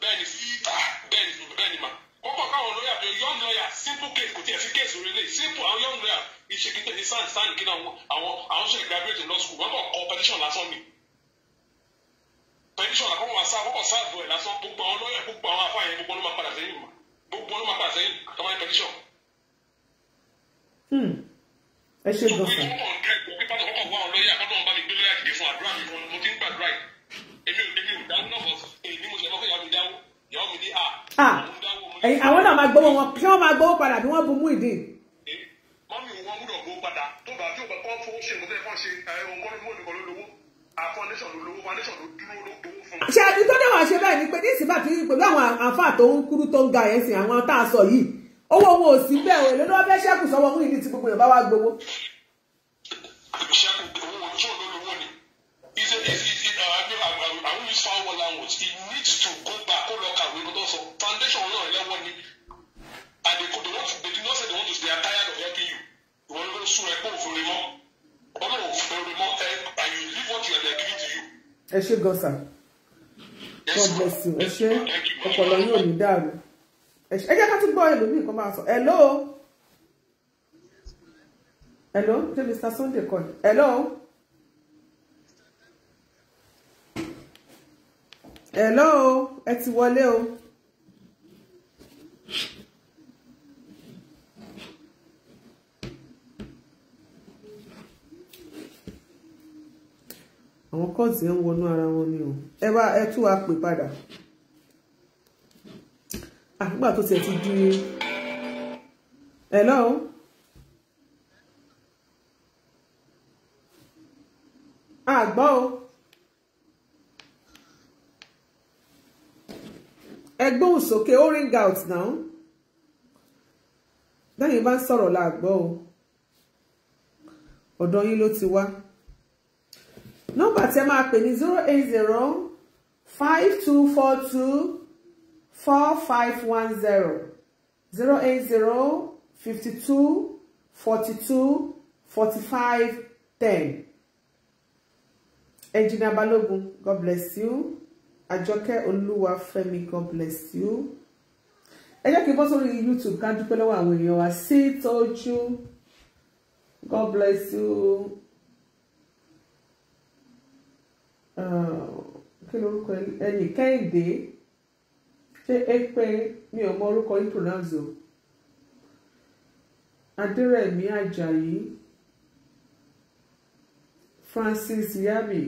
bẹ́ẹ̀ni ah, bẹ́ẹ̀ni bẹ́ẹ̀ni ma kọ́kọ́ káwọn lọ́ọ̀yà tó young lawyer simple case kò tiẹ̀ fi case orílẹ̀ simple àwọn young lawyer iṣẹ́ kíkẹ́ ní sáǹdì sáǹdì kí àwọn àwọn ṣe graduate law school wọn kàn kọ petition lásán ni petition àkọ́kọ́ wà sáà wọ́n sáà bọ̀ ẹ̀ lásán gbogbo àwọn lọ́yà gbogbo àwọn afáà yẹn gbogbo ló máa padà sẹ́yìn mà gbogbo ló máa padà sẹ́yìn àtàwọn petition. Hmm. ẹ ṣe gbọ́n fún mi. Ah, ah, àwọn náà máa gbowó wọn kí wọ́n máa gbowó padà bí wọ́n bu mú ìdí padà tó bá tí o bá kọ́ fún ṣe nǹkan tó yẹ kọ́ ṣe ohun kọ́ ló nìkan ló lówó a foundation ló lówó foundation ló dúró ló dówó fún. ṣé ẹni tó dáwọ́ àṣẹ bẹ́ẹ̀ ni pé ní ìsìnbà tí pẹ̀lú àwọn àáfà tó ń kúrú tó ń ga yẹn sìn àwọn tá a sọ yìí owó wọn ò sí bẹ́ẹ̀ èlé ló fẹ́ ṣẹ́kù sọ́wọ́ mú ìdí tí gbogbo yẹn bá wá to go back kó lọ foundation ìwọ ló sún ẹ kó o god bless you ẹ ṣé ọpọlọ yóò ní dàrú ẹ jẹ́ ká tún gbọ́ ẹlòmíì kan máa sọ hello hello ṣé mr sunday call hello. hello ẹ ti wọlé o. àwọn kọ́ọ̀tù yẹn ń wọnú ara wọn ni o ẹ wá ẹ tún wá pè padà àgbà ah, tó tiẹ̀ ti di hello. àgbọ̀ o ẹgbóhùn sókè ó ring out now lẹ́yìn bá ń sọ̀rọ̀ làgbọ́ o ọ̀dọ̀ yín ló ti wá nọ́mbà tí ma máa pè zero eight zero five two four two four five one zero zero eight zero fifty two forty two forty five ten engineer Balogun God bless you Àjọkẹ́ Olúwafẹ́mi God bless you ẹ jẹ́ kí n bọ́ sórí YouTube ká dúpẹ́ lọ́wọ́ àwọn èèyàn wa sí tọ́jú God bless you. Eh, kí lorúkọ ẹnì kẹ́hìndé ṣé ẹ pé mi ò mọ orúkọ yìí pronounce o adérẹ̀mí ajayi francis yami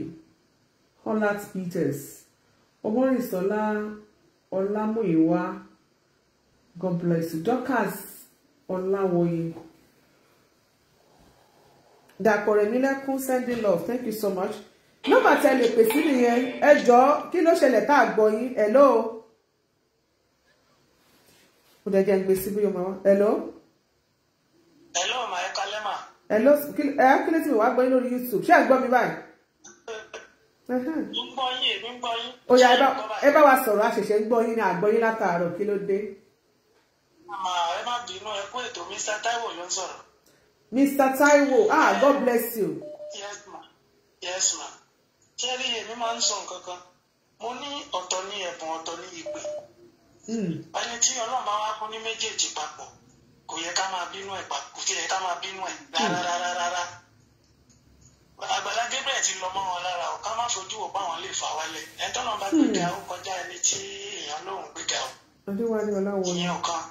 Hollard peters ọmọrìnsọlá ọlámúyíwá god bless you dorcas ọláwọyé dàpọ̀ rẹ̀ mi sending love thank you so much nọ́mbà tẹ lè pè sí nìyẹn ẹ jọ kí ló ṣẹlẹ̀ tá a gbọ́ yín hello kò dẹ̀ jẹ́ ń gbé sí bí ọmọ wọn hello. hello ma ẹ kalẹ́ ma. hello ẹ kí ló ti wà gbọ́ yín lórí youtube ṣé ẹ gbọ́ mi báyìí. ń gbọ́ yín èmi ń gbọ́ yín. ó yá ẹ bá wa sọ̀rọ̀ àṣẹ̀ṣẹ̀ ń gbọ́ yín ní àgbọ́ yín látàárọ̀ kí ló dé. màmá ẹ má bínú ẹ kú ètò Mr Taiwo ló ń sọ̀rọ̀. Mr Taiwo ah God bless you. yes ma yes ma kẹ́rí èmi máa ń sọ nǹkan kan mo ní ọ̀tọ̀ ní ẹ̀bùn ọ̀tọ̀ ní ìpè hmm. ẹni tí ọlọ́run bá wá kún ní méjèèjì papọ̀ kò yẹ ká máa bínú ẹ̀ kò yẹ ká máa bínú ẹ̀ rárárárá hmm. Àgbàlá Gabriel ti lọ mọ́ wọn lára ọ̀ ká má fojú wò báwọn lè fà wálẹ̀ ẹ̀ tọ́lọ́ bá gbéga ó kọjá ẹni tí èèyàn lóun gbéga o ìyẹn ọ̀kan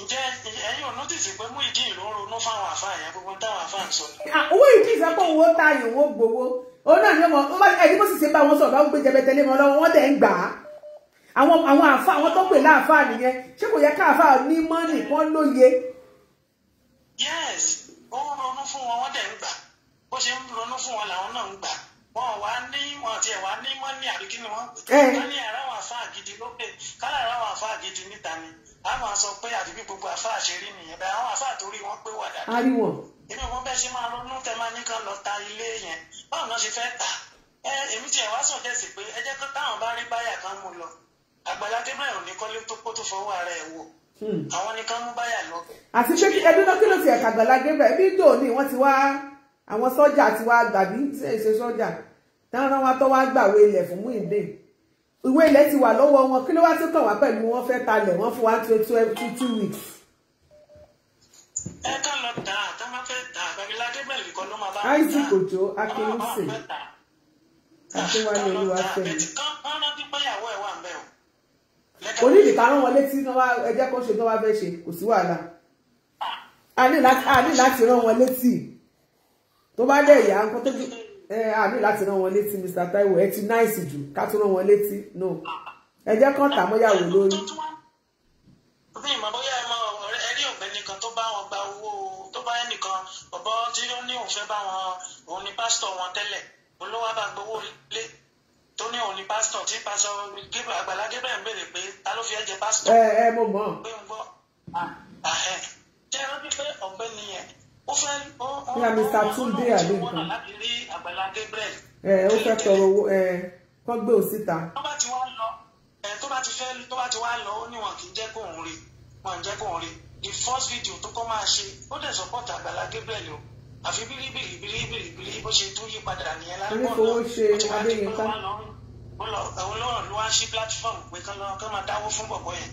ǹjẹ́ ẹ̀yin ò nọ́tìsì pé Muyideen ló ń ronú fáwọn àfáà yẹn gbogbo táwọn àfáà ń sọ. Ah, owó ìdí ìsapò owó tayò owó gbowó òun náà ni wọn ẹni bó sì ṣe bá wọn sọ̀rọ̀ báwọn gbé jẹbẹtẹ lé wọn lọ́wọ́ wọn dẹ̀ ń gbà á àwọn àwọn àfa àwọn tó pè láàfa nìyẹn ṣé kò yẹ káàfa ní mọ́nì wọn lóye. yes ó ronú fún wọn wọn dẹ̀ ń gbà bó ṣe ń ronú fún wọn làwọn náà ń gbà wọn wà ní wọn tiẹ̀ ní mọ́nì ni wọ́n wọ́n ní ara ni àwọn sọ èmi wọn bẹ́ẹ̀ ṣe máa ronú tẹ máa ní kán lọ ta ilé yẹn báwo náà ṣe fẹ́ tà ẹ èmi tiẹ̀ wá sùn jẹ́sì pé ẹ jẹ́ kó táwọn bá rí báyà kan mú lọ Àgbàlá Gabriel ò ní kọ́lé tó kó tó fọwọ́ ara ẹ̀ wò hmm. àwọn nìkan mú báyà lọ. àti pé ẹbí náà kí ló ti ẹ̀ka Àgbàlá Gabriel bí dò ní wọ́n ti wá àwọn sọ́jà ti wá gbàbí ṣe é ṣe sọ́jà táwọn wá tó wá gbàwé ilẹ̀ fún Muyideen ìwé ilẹ̀ ti wà lọ́wọ́ wọn kí ló wá tó kàn wá pẹ̀lú wọn fẹ́ talẹ̀ wọ́n fún wa two two two weeks. ẹ kàn lọ tà á fẹ́ tà àgbàgbélá débẹ̀lì kan ló máa bá wọn tà. isaac ojo akéwìsè àtúwálé olúwàfẹ́mi. onídìí kan rán wọn létí ẹjẹ́ kan ṣe tó wá fẹ́ ṣe kò sí wàhálà a ní láti rán wọn létí tó bá dẹ̀ yà ńkọ́ tó bí a ní láti rán wọn létí Mr Taiwo ẹ ti náìsì jù ká tó rán wọn létí no ẹjẹ́ kan tà mọ́yàwó lórí. bọ́ tí ó ní òun fẹ́ bá wọn òun ni pásítọ̀ wọn tẹ́lẹ̀ olówó bá gbowó lé tó ní òun ni pásítọ̀ tí pásítọ̀ Àgbàlá Gabriel ń béèrè pé ta ló fi ẹ́ jẹ pásítọ̀. ẹ ẹ mo mọ. pé ń gbọ́ àhẹ jẹ́ rántí pé ọ̀gbẹ́ni yẹn ó fẹ́ ó ó ó ó ó wọ́n láti rí Àgbàlá Gabriel. ẹ ó fẹ́ tọrọ owó ẹ kọ́ gbé òun síta. tó bá ti wá lọ tó bá ti fẹ́ tó bá ti wá lọ ó the first video tó kọ́ máa ṣe ó dẹ̀ support Àgbàlá Gabriel o àfi bíríbírí bíríbírí bírí bó ṣe tún yí padà nìyẹn lálùkọ́ náà ó ti wá dé pé wọ́n lọ òun lọ́rọ̀ ló wá sí platform pé kán lọ kán máa dáwó fún bọ̀bọ̀ yẹn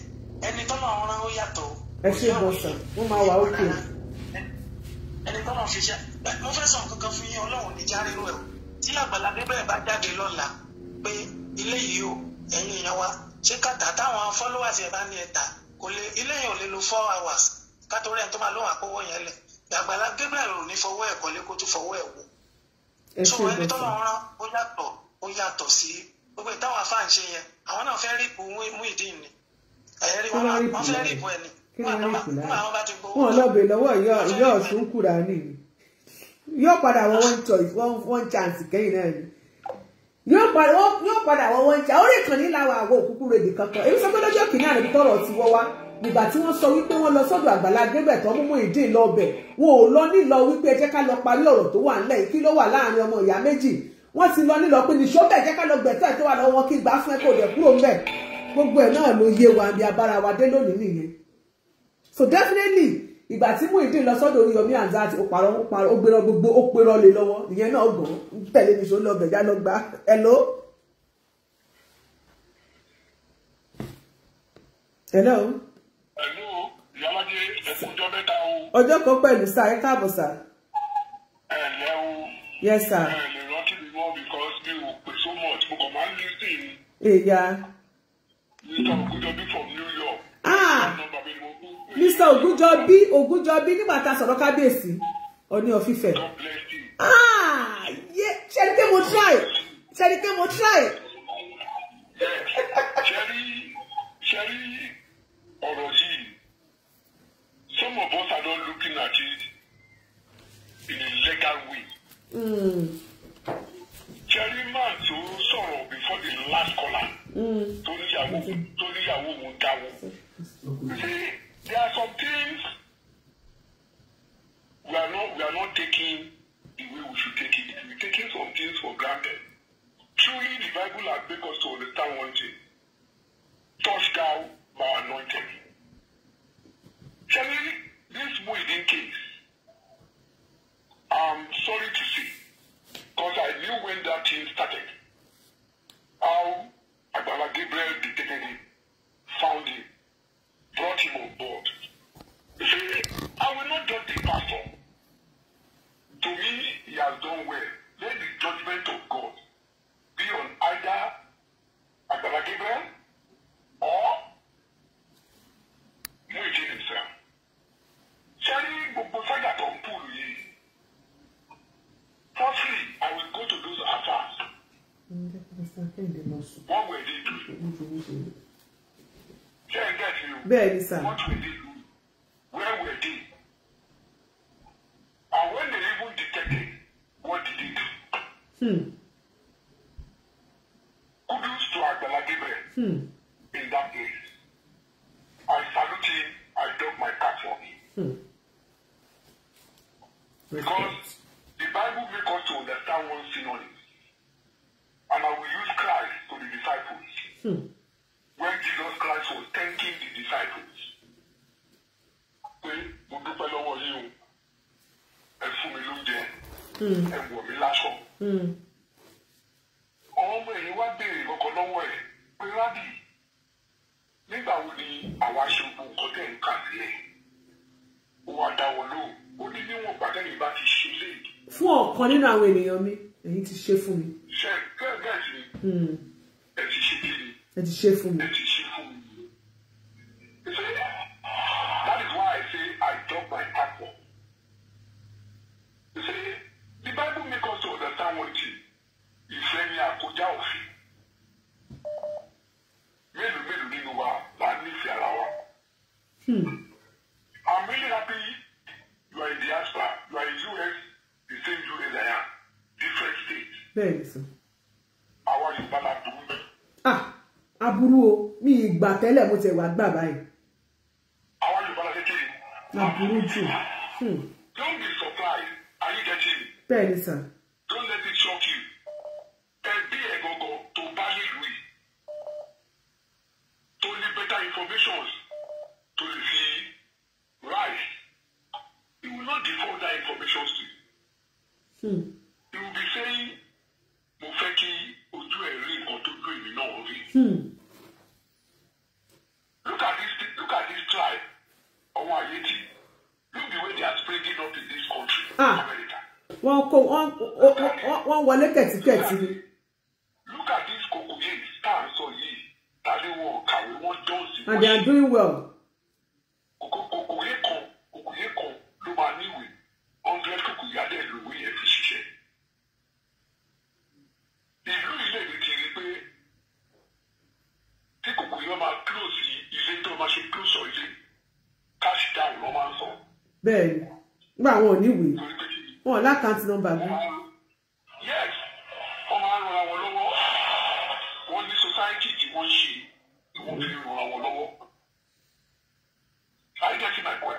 ẹni tọ́nà ọ̀ràn ó yàtọ̀ o. ẹ ṣe bọ̀sán wọ́n máa wà ókè. ẹni tọ́nà fi ṣe mo fẹ́ sọ kankan fún yín ọlọ́run ní járe rẹ̀ o tí Àgbàlá Gabriel bá jáde lọ́la pé ilé yìí o ẹ̀yin èèyàn wa ṣé kàtà táwọn followers ẹ̀ bá ní kò lè ilé yẹn ò lè lo four hours kátórí ẹni tó máa lóhùn àkówó yẹn lẹ̀ gbàgbàlá Gabriel ò ní fọwọ́ ẹ̀ kọ́lé kó tún fọwọ́ ẹ̀ wò so ẹni tó lọ rán ó yàtọ̀ ó yàtọ̀ sí gbogbo ìtawà fáà ń ṣe yẹn àwọn náà fẹ́ rípò Muyideen ni ẹ̀rí wọn wọn fẹ́ rípò ẹni wọn lọ bèè lọ́wọ́ ìyá ìyá Ọ̀ṣun Kúránì yóò padà wọ one choice one chance kẹ́yìn náà ni yóò padà yóò padà wọ́n wọ́n jà orí ìkànnì làwọn àwọn òkúkú rèdì kankan èmi sọ pé lọ́jọ́ àná ibi tọ́rọ̀ ti wọ́ wá nígbà tí wọ́n sọ wípé wọ́n lọ sọ́dọ̀ Àgbàlá Gabriel tó mú ìdí lọ́bẹ̀ wọn ò lọ nílọ wípé ẹ ká lọ parí ọ̀rọ̀ tó wà ńlẹ̀ kí ló wà láàrin ọmọ ìyá méjì wọ́n ti lọ nílọ pé nìṣó bẹ̀ jẹ́ ká lọ gbẹ̀tẹ̀ tó wà lọ́wọ́ kí gbà fún ẹ kò dẹ̀ kúrò ńbẹ̀ gbogbo ẹ̀ náà ló yé wa bí abára wa dé lónìí nìyẹn so definitely ìgbà tí Muyideen lọ sọ́dọ̀ Oríyọmí Hamzat ó parọ́ ó parọ́ ó gbérọ́ gbogbo ó pérọ́ lé lọ́wọ́ ìyẹn náà gàn ń tẹ̀lé níṣó lọ bẹ̀já lọ gbá hello. hello. hello ìyálàjẹ ẹkúnjọ mẹ́ta o. ọjọ́ kan pẹ̀lú sá ẹ káàbọ̀ sá. ẹ o. yes sir. ẹ rántí mi mọ́ because mi ò pè so much mo kàn máa ń lé sí i. èèyà. mr ogunjọ bí for Mr. Ogunjobi Ogunjobi nígbà tá a sọ̀rọ̀ kábíyèsí Ọọ̀ni of Ifẹ̀ ṣe ni pé mo try ṣe ni mo try. ṣe rí some of us are not looking at it in a legal way. Jerry hmm. man tó before the last caller hmm. There are some things we are not we are not taking the way we should take it. We're taking some things for granted. Truly, the Bible has made us to understand one thing. Touch thou my anointed. sir. What we did àwọn ènìyàn mi shift for me. tẹ́lẹ̀ mo tẹ̀ wá gbà báyìí. àwọn yorùbá ṣe kí ni. àbúrú jù. Hmm. don't be surprised are you getting. bẹ́ẹ̀ ni sàn.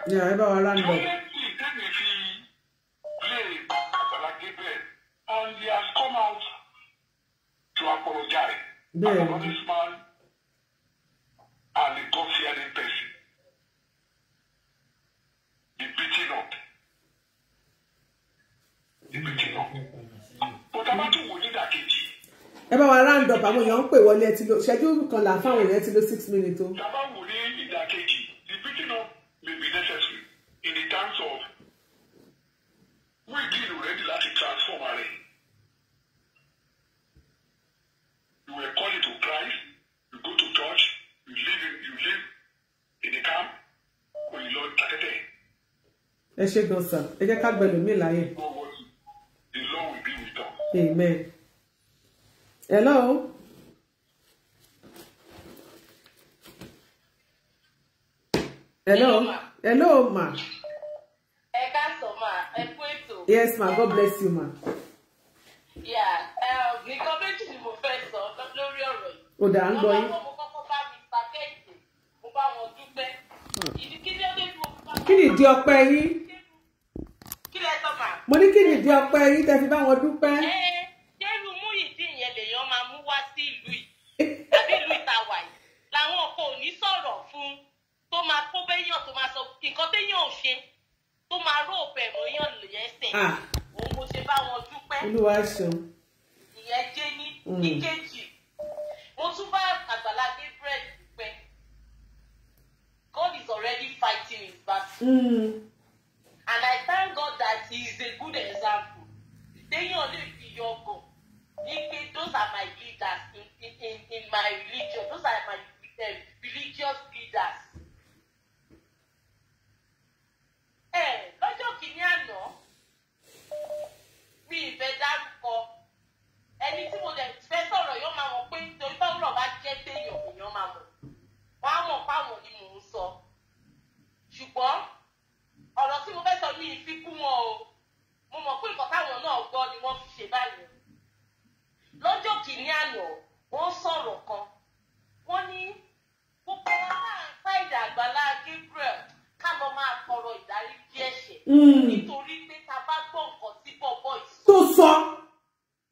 ní ẹ bá wa láńdọ. bẹ́ẹ̀ni. ẹ bá wa round up àwọn ń pè wọlé ẹ ti lọ ṣẹ́jú kan là fáwọn ti lọ six minutes o. ẹ ṣe gan sà ẹ jẹ́ ká gbẹlú mi láyè. amen. hello. hello. hello ma. ẹ ká ma ẹ kú ètò. yes ma god bless you ma. yeah um, nǹkan méjì ni mo fẹ́ sọ lórí ọ̀rọ̀ yìí. ó dà ń gbọ́ yín. ọlọ́wọ́ mo kọ́kọ́ bá kí ni ìdí ọpẹ́ yín mo ní kí nìdí ọpẹ́ yín tẹ́ fi bá wọn dúpẹ́. jẹ́rù Muyideen yẹn lèèyàn máa mú wá sí ìlú yìí àbí ìlú ìtawà yìí làwọn ọkọ ò sọ̀rọ̀ fún tó máa kó bẹ́yàn tó máa sọ nǹkan téèyàn ò ṣe tó máa ró òpè ìròyìn lèèyàn ah. òun mo ṣe bá wọn dúpẹ́ ìyẹn jẹ́ ní hmm. ìkejì mo tún bá Àgbàlá Gabriel dúpẹ́ God is already fighting his battle. Hmm and I thank God that he is a good example téèyàn lè fi yọgàn ní pé those are my leaders in in in, in my religion those are my um, religious leaders. Eh, lọ́jọ́ kìíní àná mi ìfẹ́ dárúkọ ẹni tí mo lè fẹ́ sọ̀rọ̀ yóò máa mọ̀ pé torí báwùrọ̀ bá jẹ́ téèyàn èèyàn máa mọ̀ wọ́n á mọ̀ fáwọn ni mò ń sọ ṣùgbọ́n ọ̀rọ̀ tí mo fẹ́ sọ yìí fi kú wọn o mo mọ̀ pé nǹkan táwọn náà gbọ́ ni wọ́n fi ṣe báyìí lọ́jọ́ kìíní àná wọ́n sọ̀rọ̀ kan wọ́n ní gbogbo aláàfáìdà àgbàlá Gabriel ká máa tọrọ ìdáríjì ẹ̀ṣẹ̀ hmm. nítorí pé ta bá gbọ́ nǹkan tí bọ̀bọ̀ yìí tó sọ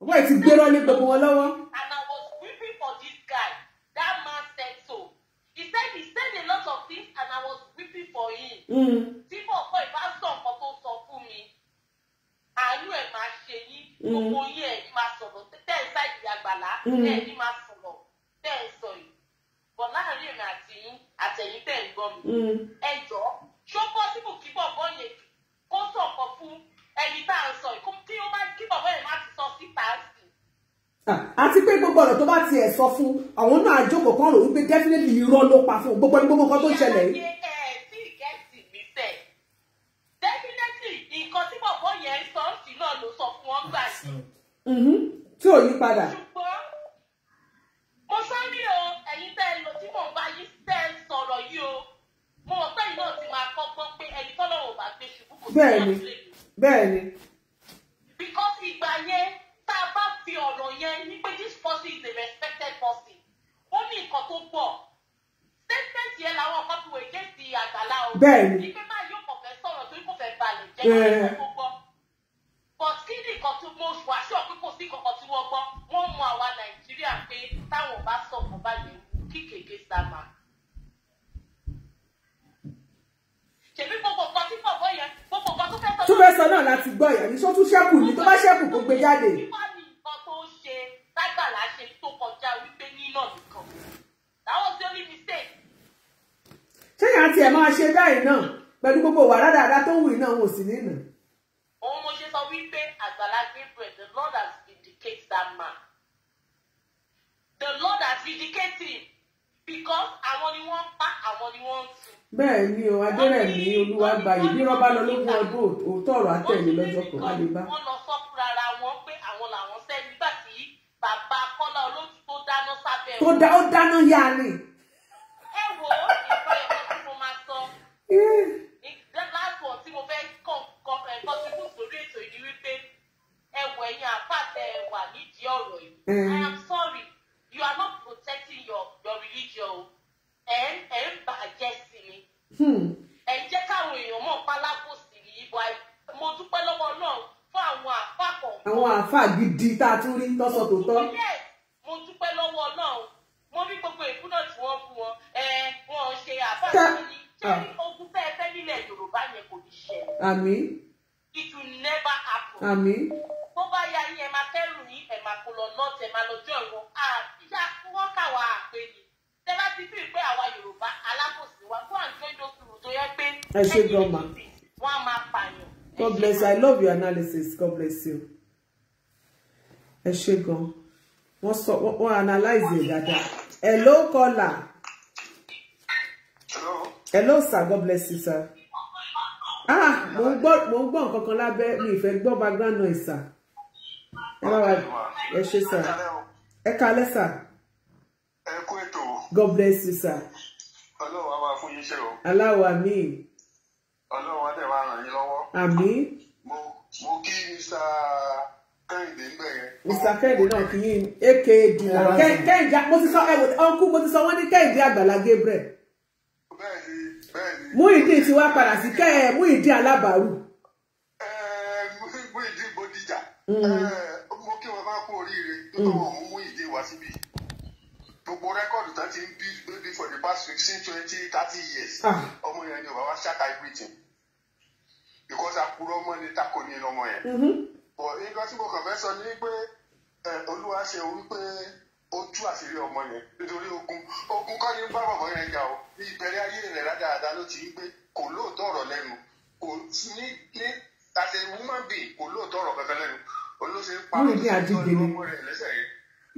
bọ́ ẹ̀ ti gbérọ́ ní gbogbo wọn lọ́wọ́. and I was weeping for this guy that man said so he said he said a lot of things and I was before yìí mm. tí bọ̀bọ̀ ìbá sọ nǹkan tó sọ fún mi àánú ẹ̀ máa ṣe yín mm. gbogbo yín ẹ̀ ní máa sọ̀rọ̀ tẹ́ ẹ̀ sáìdì àgbàlá mm. tẹ́ ẹ̀ ní máa sọ̀rọ̀ tẹ́ ẹ̀ sọ yìí bọ̀ láàrin èmi àti yín àtẹ̀yìn tẹ́ ẹ̀ gbọ́ mi ẹ jọ ṣó pọ́sibù kí bọ̀bọ̀ yẹn kó sọ nǹkan fún ẹni tá à ń sọ yìí kí ó má kí bọ̀bọ̀ yẹn má ti sọ síta sí àti pé gbogbo ọ̀rọ̀ tó bá tiẹ̀ sọ fún àwọn náà àjókòó kan rò wípé definitely irọ́ ló pa fún gbogbo ẹni gbogbo nǹkan tó ń ṣẹlẹ̀ yìí Mm-hmm. Mm-hmm. tí ò yí padà. ṣùgbọ́n mo sáré o ẹ̀yin tẹ́ ẹ lò tí mò ń bá yí tẹ́ ẹ sọ̀rọ̀ yìí o mo mọ̀ pé ìnáà ti máa kọ́gbọ́n pé ẹni tọ́lọ̀ ò bá gbé ṣubú kò sí àṣẹ. bẹ́ẹ̀ni. because ìgbà yẹn tá a bá fi ọ̀rọ̀ yẹn ní pé this person is a respected person ó ní nǹkan tó pọ̀ statement yẹn làwọn kan fi wèé jẹ́ sí àgbàlá o. bẹ́ẹ̀ni. ní pé báyìí yóò kọ̀ fẹ́ sọ̀rọ̀ tó kò fẹ́ balẹ̀ jẹ́ eh. kó tó dá ó dáná yá ni. ẹ wo ìgbà ìwé tí mo máa sọ ìdánlápọ̀ eh. tí mo fẹ́ kọ́ contribute lórí ètò yìí wípé ẹ wọ ẹ̀yin àpàtẹ wà nídìí ọ̀rọ̀ yìí eh. I am sorry you are not protecting your your religion o ẹ̀ ń ẹ̀ ń bàjẹ́ sí ni hmm. ẹ̀ ń jẹ́ káwọn èèyàn mọ̀ pálákó sí ni ìbò mo dúpẹ́ lọ́wọ́ náà fún àwọn àfà kọ̀ọ̀kan. àwọn àfà gidi tá a tún rí lọ́sọ̀ tọ́. ìpínlẹ̀ àmín. it will never happen. àmín. tó bá yín ẹ máa kẹ́rù yín ẹ máa kó lọ north ẹ máa lọ jọ ìwọ àbíyá wọn kà wá àpè bá ti fi pé àwa yorùbá alábòsí wa kó àǹtí ló tó yẹ pé. ẹ ṣe gọmà wọn a máa pààyàn. God bless you. I love your analysis. God bless you. Ẹ ṣé gan. Wọ́n sọ wọ́n analyze it dáadáa. Hello caller. Hello. Hello sir. God bless you sir mo ń gbọ́ mo ń gbọ́ nǹkan kan lábẹ́ mi ìfẹ́ gbọ́ background noise sà ẹ wa ẹ ṣe sà ẹ kalẹ́ sà. ẹ kú ètò. God bless you sà. ọlọ́run á máa fún yín ṣe o. aláwọ̀ àmín. ọlọ́run á dẹ̀ máa ràn yín lọ́wọ́. àmín. mo mo kí Mr. Kẹ́hìndé ń bẹ̀rẹ̀. Mr. Kẹ́hìndé náà kì í aka dìlà kẹ́hìndé mo ti sọ ẹ̀wọ̀n ọ̀nkú mo ti sọ wọ́n ní Kẹ́hìndé Àgbàlá Gabriel. Muyideen ti wá padà sí kẹ́ ẹ Muyideen alábàárù. Muyideen Bódìjà mm. mo kí wọn bá kú oríire mm. tó tó wọn Muyideen wá síbí gbogbo rẹ́kọ̀dù tó ti ń bí baby for the past fifteen twenty thirty years ah. ọmọ yẹn ni bàbá ṣáka everything because àkúrò ọmọ ni tako ni ọmọ yẹn. Mm-hmm. bọ̀ nígbà tí mo kàn fẹ́ sọ ni pé olúwa ṣe wípé ó tú àṣírí ọmọ yẹn nítorí ogun ogun kọ́ ni bá bàbá yẹn jà o ìbẹ̀rẹ̀ ayé rẹ̀ rádaràda ló ti ń gbé kò lóòótọ́ ọ̀rọ̀ lẹ́nu kò ní ní àti woman being kò lóòótọ́ ọ̀rọ̀ kankan lẹ́nu olóṣèlú pa ọmọ rẹ̀ lẹ́sẹ̀ yẹn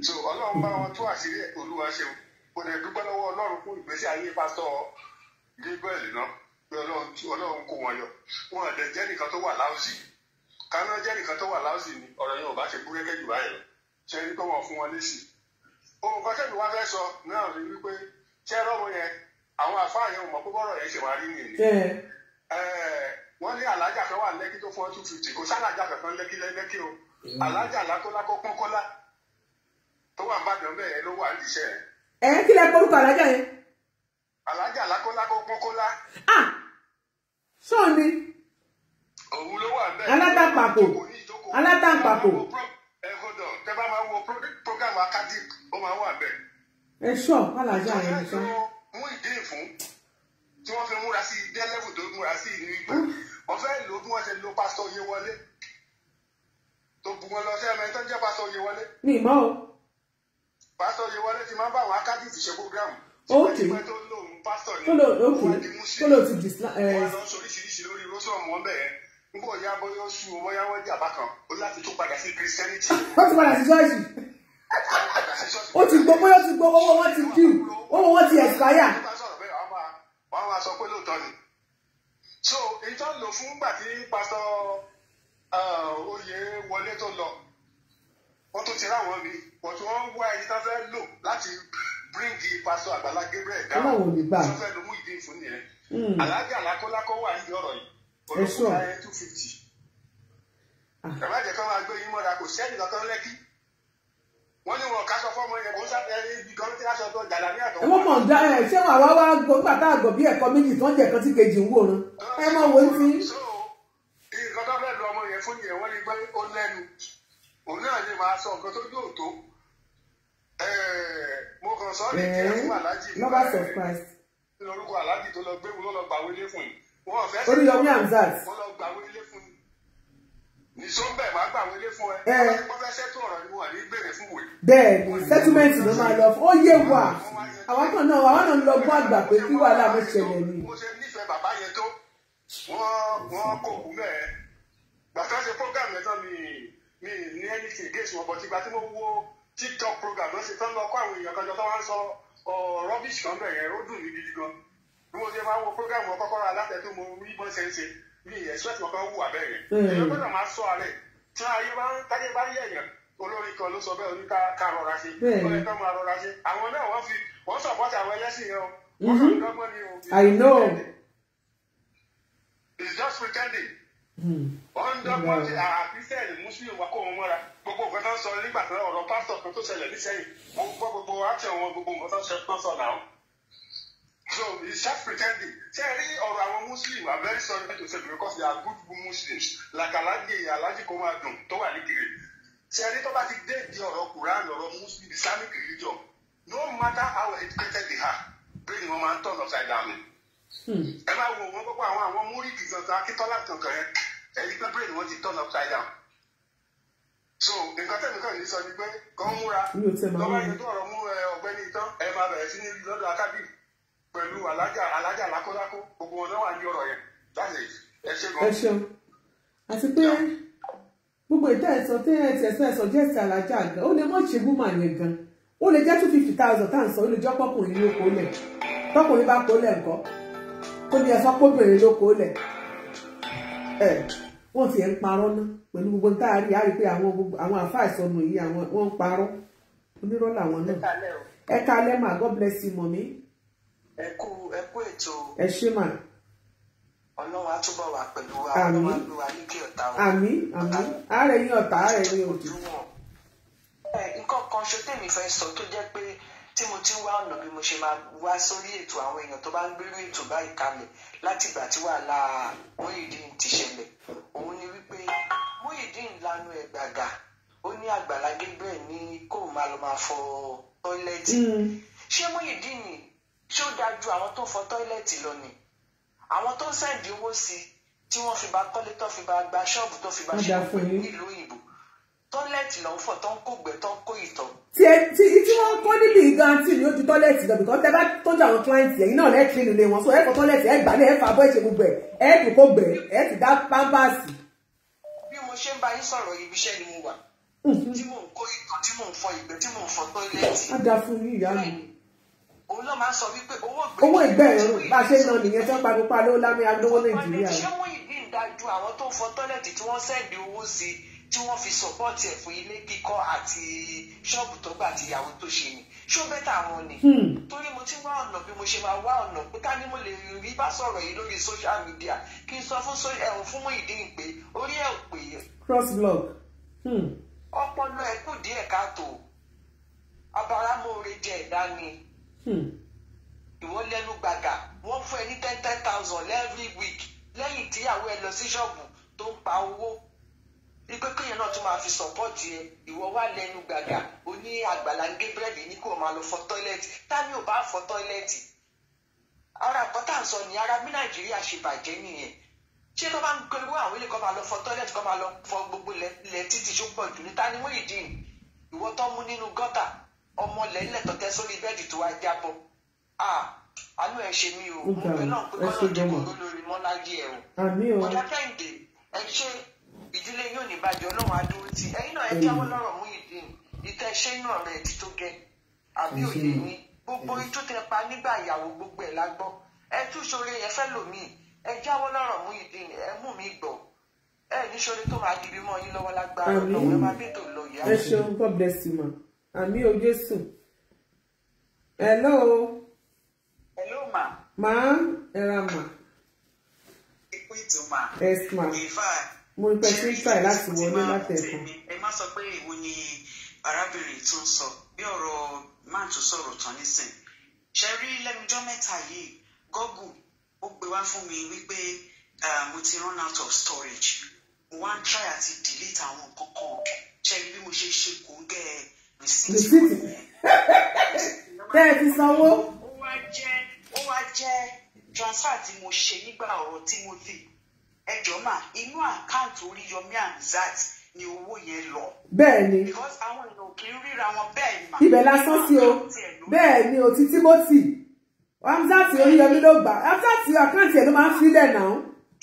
so ọlọ́run bá wọn tú àṣírí olúwa ṣeun kò lè dúpẹ́ lọ́wọ́ ọlọ́run fún ìgbésí ayé pásítọ̀ Gabriel náà ọlọ́run kó wọn yọ wọn àdẹ jẹ́ nìkan tó wà láòsì ohun kan tẹ́mi wá sọ náà rí wípé ṣé ẹ lọ́mọ yẹn àwọn àfáà yẹn mọ̀ pé bọ́rọ̀ yẹn ṣe wá rí wọ́n ní alájà kan wà lẹ́kí tó fún ọ two fifty kò sára àjà kankan o alájà tó wà ló wà ẹ kí lẹ alájà yẹn. alájà ni. òun ló tẹ bá máa wo program academic ó máa wà bẹ́ẹ̀. ẹ ṣọ alájà yẹn nìkan. ìjọba tó mú ìdí fún tí wọ́n fi múra sí dé lẹ́fù tó múra sí ìlú ìgbà wọ́n fẹ́ lò bí wọ́n ṣe lo pásítọ̀ yé wọlé tó bu wọn lọ sí ẹ̀mẹ́ tó jẹ́ pásítọ̀ yé wọlé. mi mọ́ o. pásítọ̀ yé wọlé ti máa bá àwọn academic ṣe program. ó kì í tó lò ó ti dis. wọ́n eh. lọ sọ lórí rọ́ṣọ̀ mọ́ bẹ́ẹ̀ nígbà ọ̀yá bóyá oṣù bóyá wọ́n jàmbá kan ó láti tún padà sí christianity. ó ti padà sí ṣọ́ọ̀ṣì ó ti gbọ́ bóyá ti gbọ́ owó wọn ti dìú owó wọn ti expire. wọ́n máa sọ pé lóòótọ́ ni so ìtọ́ lò fún gbà tí pásítọ̀ uh, oyè wọlé tó lọ wọ́n tún ti ráwọn mi wọ́n tún wọ́n wá ẹni tá fẹ́ lò láti bíríǹgì pásítọ̀ Àgbàlá Gabriel dáhùn tó fẹ́ lomú ìdí ìfún nìyẹn hmm. alájà alákólákó wà ní ọ̀rọ̀ yìí olóko náírà two fifty bàbá jẹ kán máa gbé yín mọ́ra kò sẹ́yìn kankan lẹ́kí wọ́n ní wọn kásọ fọ́mọ yẹn kó sáfẹ́ ibi kan tí aṣọ tó jàdá ní àtọ̀wọ́. wọ́n mọ̀ dá ẹ̀ ṣé wàá wá gbọ́ nígbà tá a gbọ́ bí ẹ̀kọ́ méjì tó ń jẹ̀ kan tí kejì ń wòran ẹ mọ̀ wọ́n ti. nǹkan tó fẹ́ lu ọmọ yẹn fún yẹn wọ́n ní gbé ó lẹ́nu òun náà ni màá sọ nǹkan tó yóò tó mo kàn sọ ọ́ nìkẹ́ fún aláàjì lórúkọ aláàjì tó lọ gbé wọn lọ gbàwé lé fún yìí Oríyọmí Hamzat. wọ́n lọ gbà wọ́n ilé fún mi nìṣó ń bẹ̀ máa gbà wọ́n ilé fún ẹ. ẹ ẹ wọ́n fẹ́ ṣètò ọ̀rọ̀ ìwọ̀n ní gbèrè fún wèé. bẹ́ẹ̀ni settlement ló máa lọ fún ó yé wa àwa náà náà àwa náà ń lọ bọ́ àgbà pé kí wàhálà mo ṣẹlẹ̀ ni. mo ṣe nífẹ̀ẹ́ bàbá yẹn tó wọ́n wọ́n kò kú mẹ́ẹ̀ gbàtà ṣe program yẹn tán mi mi ní anything against wọn bọ̀tí gba tí mo wo TikTok program lọ́sẹ̀ tán lọ kó àwọn èèyàn kan jọ tó wá ń sọ rubbish kan bẹ̀rẹ̀ ó dùn mí gidi gan-an bí mo máa ń wo program kọ́kọ́rọ́ alátẹ̀tù mo rí ṣe ń ṣe mi ìyẹn sweat wù abẹ́rẹ́ hmm. èyí gbọ́dọ̀ máa sọ àárẹ̀ tí ayé bá ń táyé bá yẹ̀ yàn olórí kan ló sọ bẹ́ẹ̀ oníta ká rọra ṣe ọ̀rẹ́ kan máa rọra ṣe àwọn náà wọ́n fi wọ́n sọ̀pọ̀tì àwọn ẹlẹ́sìn yẹn o wọ́n kàn dọ́gbọ́n ni o. I know. It's just pretending. Hmm. ọ̀ndọ́gbọ́n ti àkísẹ́ẹ̀lì mùsùlùmí wa kó wọn mọ́ra gbogbo nǹkan tó ń sọ nígbà tó ọ̀rọ̀ pásítọ̀ tó ṣẹlẹ̀ níṣẹ́yìn wọ́n gbọ́ gbogbo àti àwọn gbogbo nǹkan tó ń sọ náà so he start pretending ṣe rí ọ̀rọ̀ àwọn muslim are very sorry to say because they are good muslims like alhaji alhaji kò máa dùn tó wà ní kiri ṣe rí tó bá ti dé di ọ̀rọ̀ quran ọ̀rọ̀ muslim islamic religion no matter how educated they are bring them and turn upside down ni hmm. ẹ máa wo wọn gbogbo àwọn àwọn múríkì kankan akíntọ́lá kankan yẹn ẹni pé brain wọn ti turn upside down so nǹkan tẹ̀mí kan ní sọ ni pé kàn múra lọ́wọ́ yẹn tó ọ̀rọ̀ mú ọ̀gbẹ́ni tán ẹ máa bẹ̀rẹ̀ sí ní lọ́dọ̀ akábíyì pẹ̀lú alájà alájà lákólákó gbogbo wọn náà wà ní ọ̀rọ̀ yẹn láti ẹ ṣe gan. ẹ ṣeun àti pé gbogbo ìta ẹ̀sán tí ẹ̀ ti ẹ̀sán ẹ̀sán jẹ́ ẹ̀sán alájà gan ó lè mọ̀ ṣe gúnmọ̀ yẹn gan ó lè jẹ́ two fifty thousand tá à ń sọ ó lè jọ́ pọ́kùnrin ló kó lẹ̀ tọkùnrin bá kó lẹ̀ nǹkan kó ní ẹ̀sán pọ́bìnrin ló kó lẹ̀ ẹ̀ wọ́n ti ẹ̀ ń parọ́ ná pẹ̀lú gbogbo tá a rí pé àwọn àfáà ìsọnù yìí wọ́n ń parọ́ onírọ́ làwọn náà ẹ kalẹ́ mà God bless you mọ̀mí ẹ kú ẹ kú ètò. ẹ ṣé túbọ̀ wà pẹ̀lú wa ọlọ́run á lu wa ní kí ọ̀tá wa. àmín àmín ààrẹ yín ọ̀tá ààrẹ yín òdì. nǹkan kan ṣe tèmi fẹ́ sọ tó jẹ́ pé tí mo ti ń wá ọ̀nà bí mo ṣe máa wá sórí ètò àwọn èèyàn tó bá ń gbérú ètò báyìí kalẹ̀ láti ìgbà tí wàhálà Muyideen ti ṣẹlẹ̀ òun ni wípé Muyideen lanu ẹ̀ gbàgà ó ní Àgbàlá Gabriel ní kó máa lọ máa fọ tọ́ílẹ́ẹ̀tì hmm. ṣé Muyideen ṣé ó àwọn tó ń fọ tọ́ílẹ̀tì lọ ni àwọn tó ń sẹ́ǹdì owó sí i tí wọ́n fi ba kọ́lé tó fi ba gba ṣọ́ọ̀bù tó fi ba ṣe ní ìlú òyìnbó tọ́lẹ̀tì ló ń fọ̀ tó ń kó gbẹ tó ń kó ìtọ̀. tí tí tí wọ́n kọ́ níbi ìgbàn tí ìlú ojú tọ́lẹ̀tì lọ bìkọ́ tẹ́ bá tọ́jú àwọn kílẹ̀ǹtì ẹ̀yìn náà lẹ́ẹ̀kì nínú wọn so ẹ̀kọ́ tọ́lẹ̀tì òun náà máa ń sọ wípé owó ìgbẹ́yìn bá ṣe ń lọ nìyẹn fẹ́ parípa ló lámì agbówó nàìjíríà. ṣé wọ́n yìí ń dájú àwọn tó ń fọ tọ́lẹ̀tì tí wọ́n sẹ́ndì owó sí i tí wọ́n fi sọ̀pọ̀tì ẹ̀ fún ilé kíkọ́ àti ṣọ́ọ̀bù tó gbà àti ìyàwó tó ṣe ni ṣó bẹ́tà wọn ni. Hmm. torí mo ti wá ọ̀nà bí mo ṣe máa wá ọ̀nà pé ká ní mo lè rí bá sọ̀rọ̀ yìí lórí social media kí n sọ fún ẹ̀hún fún Muyideen pé orí ẹ̀ ò pè é. cross blog. Hmm. ọpọlọ ẹ kù díẹ̀ káàtó abáramóore jẹ ẹ̀dá ni. Hmm. Hmm. ìwọ lẹ́nu gbàgà wọ́n fún ẹ ní ten ten thousand every week lẹ́yìn tíyàwó ẹ lọ sí ṣọ́ọ̀bù tó ń pa owó ipe kéèyàn náà tún máa fi sọpọ́ọ̀tì ẹ ìwọ wá lẹ́nu gbàgà o ní àgbàlá ń gé búrẹ́dì ní kó o máa lọ fọ tọ́ílẹ̀tì tani ò bá fọ tọ́ílẹ̀tì ara kan tá à ń sọ ni ara bí nàìjíríà ṣe bàjẹ́ nìyẹn ṣé kó máa ń gbowó àwọn ilé kó máa lọ fọ tọ́ílẹ̀tì kó máa lọ fọ gbogbo ilẹ̀ títí ṣó pọ̀ jù ní tani wọ́n ìdí ìwọ tó mú nínú gọ́tà ọmọ lẹ́lẹ̀ tó tẹ́ sórí bẹ́ẹ̀dì tó wá jábọ̀ àánú ẹ̀ ṣe mí o mo bẹ náà pé kọ́nà dìbò lórí mọ́láyé ẹ̀ o ọjà kẹ́hìndé ẹ ṣe ìdílé yóò ní bàjẹ́ ọlọ́run adúró tí ẹ̀yin náà ẹ jáwọ́ lọ́rọ̀ mú ìdín ìtẹ́ ṣé náà rẹ̀ ti tó gẹ́ àbí òye yín gbogbo itú tẹ pa nígbà ìyàwó gbogbo ẹ̀ la gbọ́ ẹ tún ṣoore yẹn fẹ́ lòmíì ẹ jáwọ́ lọ́rọ̀ mú ìdín ẹ mú mi gbọ́ ẹ ní ṣoore tó máa dìbí mọ́ yín lọ́wọ́ lágbára lọ́wọ́ ẹ máa bí tò lọ yá. ẹ ṣeun God bless you ma àmì o jésù. hello. hello ma. ma ẹ̀ra ma. ikú ìtumà. yes ma. ìfà. mo ń pẹ́ twitter láti wọlé láti ẹ̀kọ́. ẹ má sọ pé èwo ni arábìnrin tó ń sọ bí ọ̀rọ̀ máa tún sọ̀rọ̀ tán nísìn. ṣe rí lẹ́nujọ́ mẹ́ta yìí gọ́gù ó gbé wá fún mi wípé mo ti run out of storage mo wá ń try àti delete àwọn nǹkan kan ṣe bí mo ṣe ṣe kò ń gẹ́ ẹ rìsíìtì tẹ́ ẹ ti sanwó. ó wá jẹ́ ó wá jẹ́ transfer tí mo ṣe nígbà ọ̀rọ̀ Timothy ẹjọ́ mà inú àkáǹtì Oríyọmí Hamzat ni owó yẹn lọ. bẹ́ẹ̀ni because àwọn èèyàn ò kì í ríra wọn bẹ́ẹ̀ mà. ibẹ̀ lásán sí o bẹ́ẹ̀ ni òtí Timothy Hamzat Oríyọmí ló gbà Hamzat àkáǹtì ẹ̀ ló máa ń filẹ̀ náà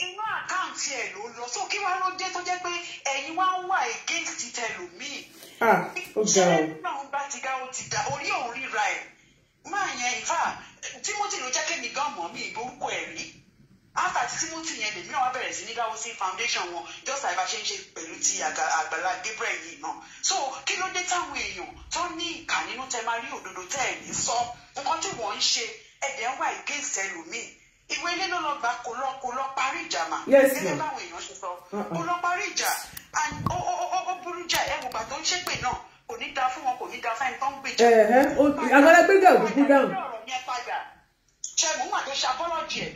inú àkáǹtì ẹ̀ ló lọ sókè wá ló dé tó jẹ́ pé ẹ̀yin wá ń wà against tẹlòmíì Ah, ṣé náà foundation wọn just like bá pẹ̀lú ti Àgbàlá Gabriel yìí náà so kí ló dé táwọn èèyàn tó ní ìkà nínú tẹ máa rí òdodo tẹ ẹ̀ ní sọ nǹkan tí wọ́n ń ṣe ẹ̀dẹ̀ wà against ẹlòmíì ìwé ilé ló lọ gbà kó lọ kó lọ parí ìjà mà. yes ma'am. gẹ́gẹ́ báwọn èèyàn ṣe sọ uh-uh. kó lọ parí ìjà and ó ó ó burú jà ẹ wò bàtọ́ ń ṣépè náà kò ní da fún wọn kò ní da fún tó ń gbèjà. agbára gbéjà òkúkú dáhùn. ṣẹ́gun wà ṣàbọ́lọ́jì ẹ̀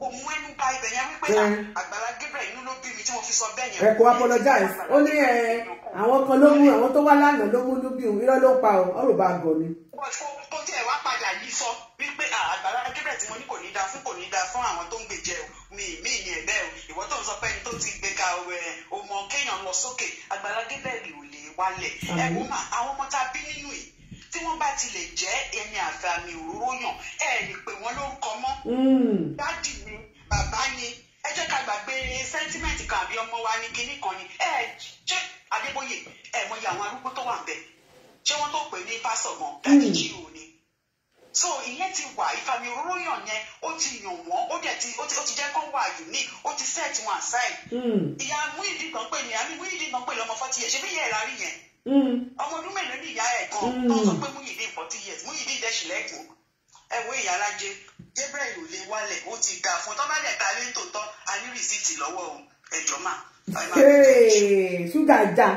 kò mú ẹnu ba ibẹ̀ yẹn wípé ah, Àgbàlá Gabriel inú ló bí mi tí mo fi sọ bẹ́ẹ̀ yẹn. ẹ kò apologize ó ní àwọn kan ló mú àwọn tó wá lánàá ló mú ló bí òun irọ́ ló pa ọ ọ̀rọ̀ bá gọ̀ ni. kó tiẹ̀ wá padà ìwọ tó sọ pé ẹni tó ti gbé ga ọmọ kéèyàn lọ sókè Agbala Gabriel ò lè wálẹ̀ ẹ̀wọ́ mà àwọn ọmọ tá a bí nínú yìí tí wọ́n bá ti jẹ́ ẹni àfàmì òróró yàn ẹ̀ ní pé wọ́n ló ń kọ mọ́ hmm. dádì ni bàbá ni ẹ jẹ́ ká gbàgbé sẹ́ńtímẹ́ǹtì kan àbí ọmọ wa ní kinní kan ni ẹ jẹ́ Adébóyè ẹ̀ mọ iye àwọn arúgbó tó wà ń bẹ̀ ṣé wọ́n tó pè ní pásọ̀ gan dájú jí òní so ìyẹn ti wà ìfàmì òróró yàn yẹn ó ti yàn wọ́n ó dẹ̀ ti ó ti jẹ́ kó wà unique ó ti set wọn aside. Hmm. ìyá Muyideen kan pè ní àmì Muyideen kan pè lọ́mọ forty years ṣe bí ìyá ẹ̀ rárí yẹn. Hmm. ọmọ ọdún mélòó ni ìyá ẹ̀ kan hmm. tó sọ pé Muyideen forty years Muyideen dẹ̀ ṣìlẹ̀kùn ẹ wo ìyá alájẹ Gabriel ò lè wálẹ̀ ó ti ga fún tọ́mọ́lẹ̀ ta lé tòótọ́ a ní rìsíìtì lọ́wọ́ ẹ̀jọ̀ mà. ṣúgà já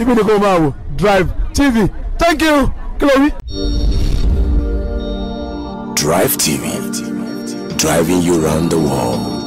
ibi ni kò máa wò Drive TV thank you Chloe. Drive TV driving you round the world.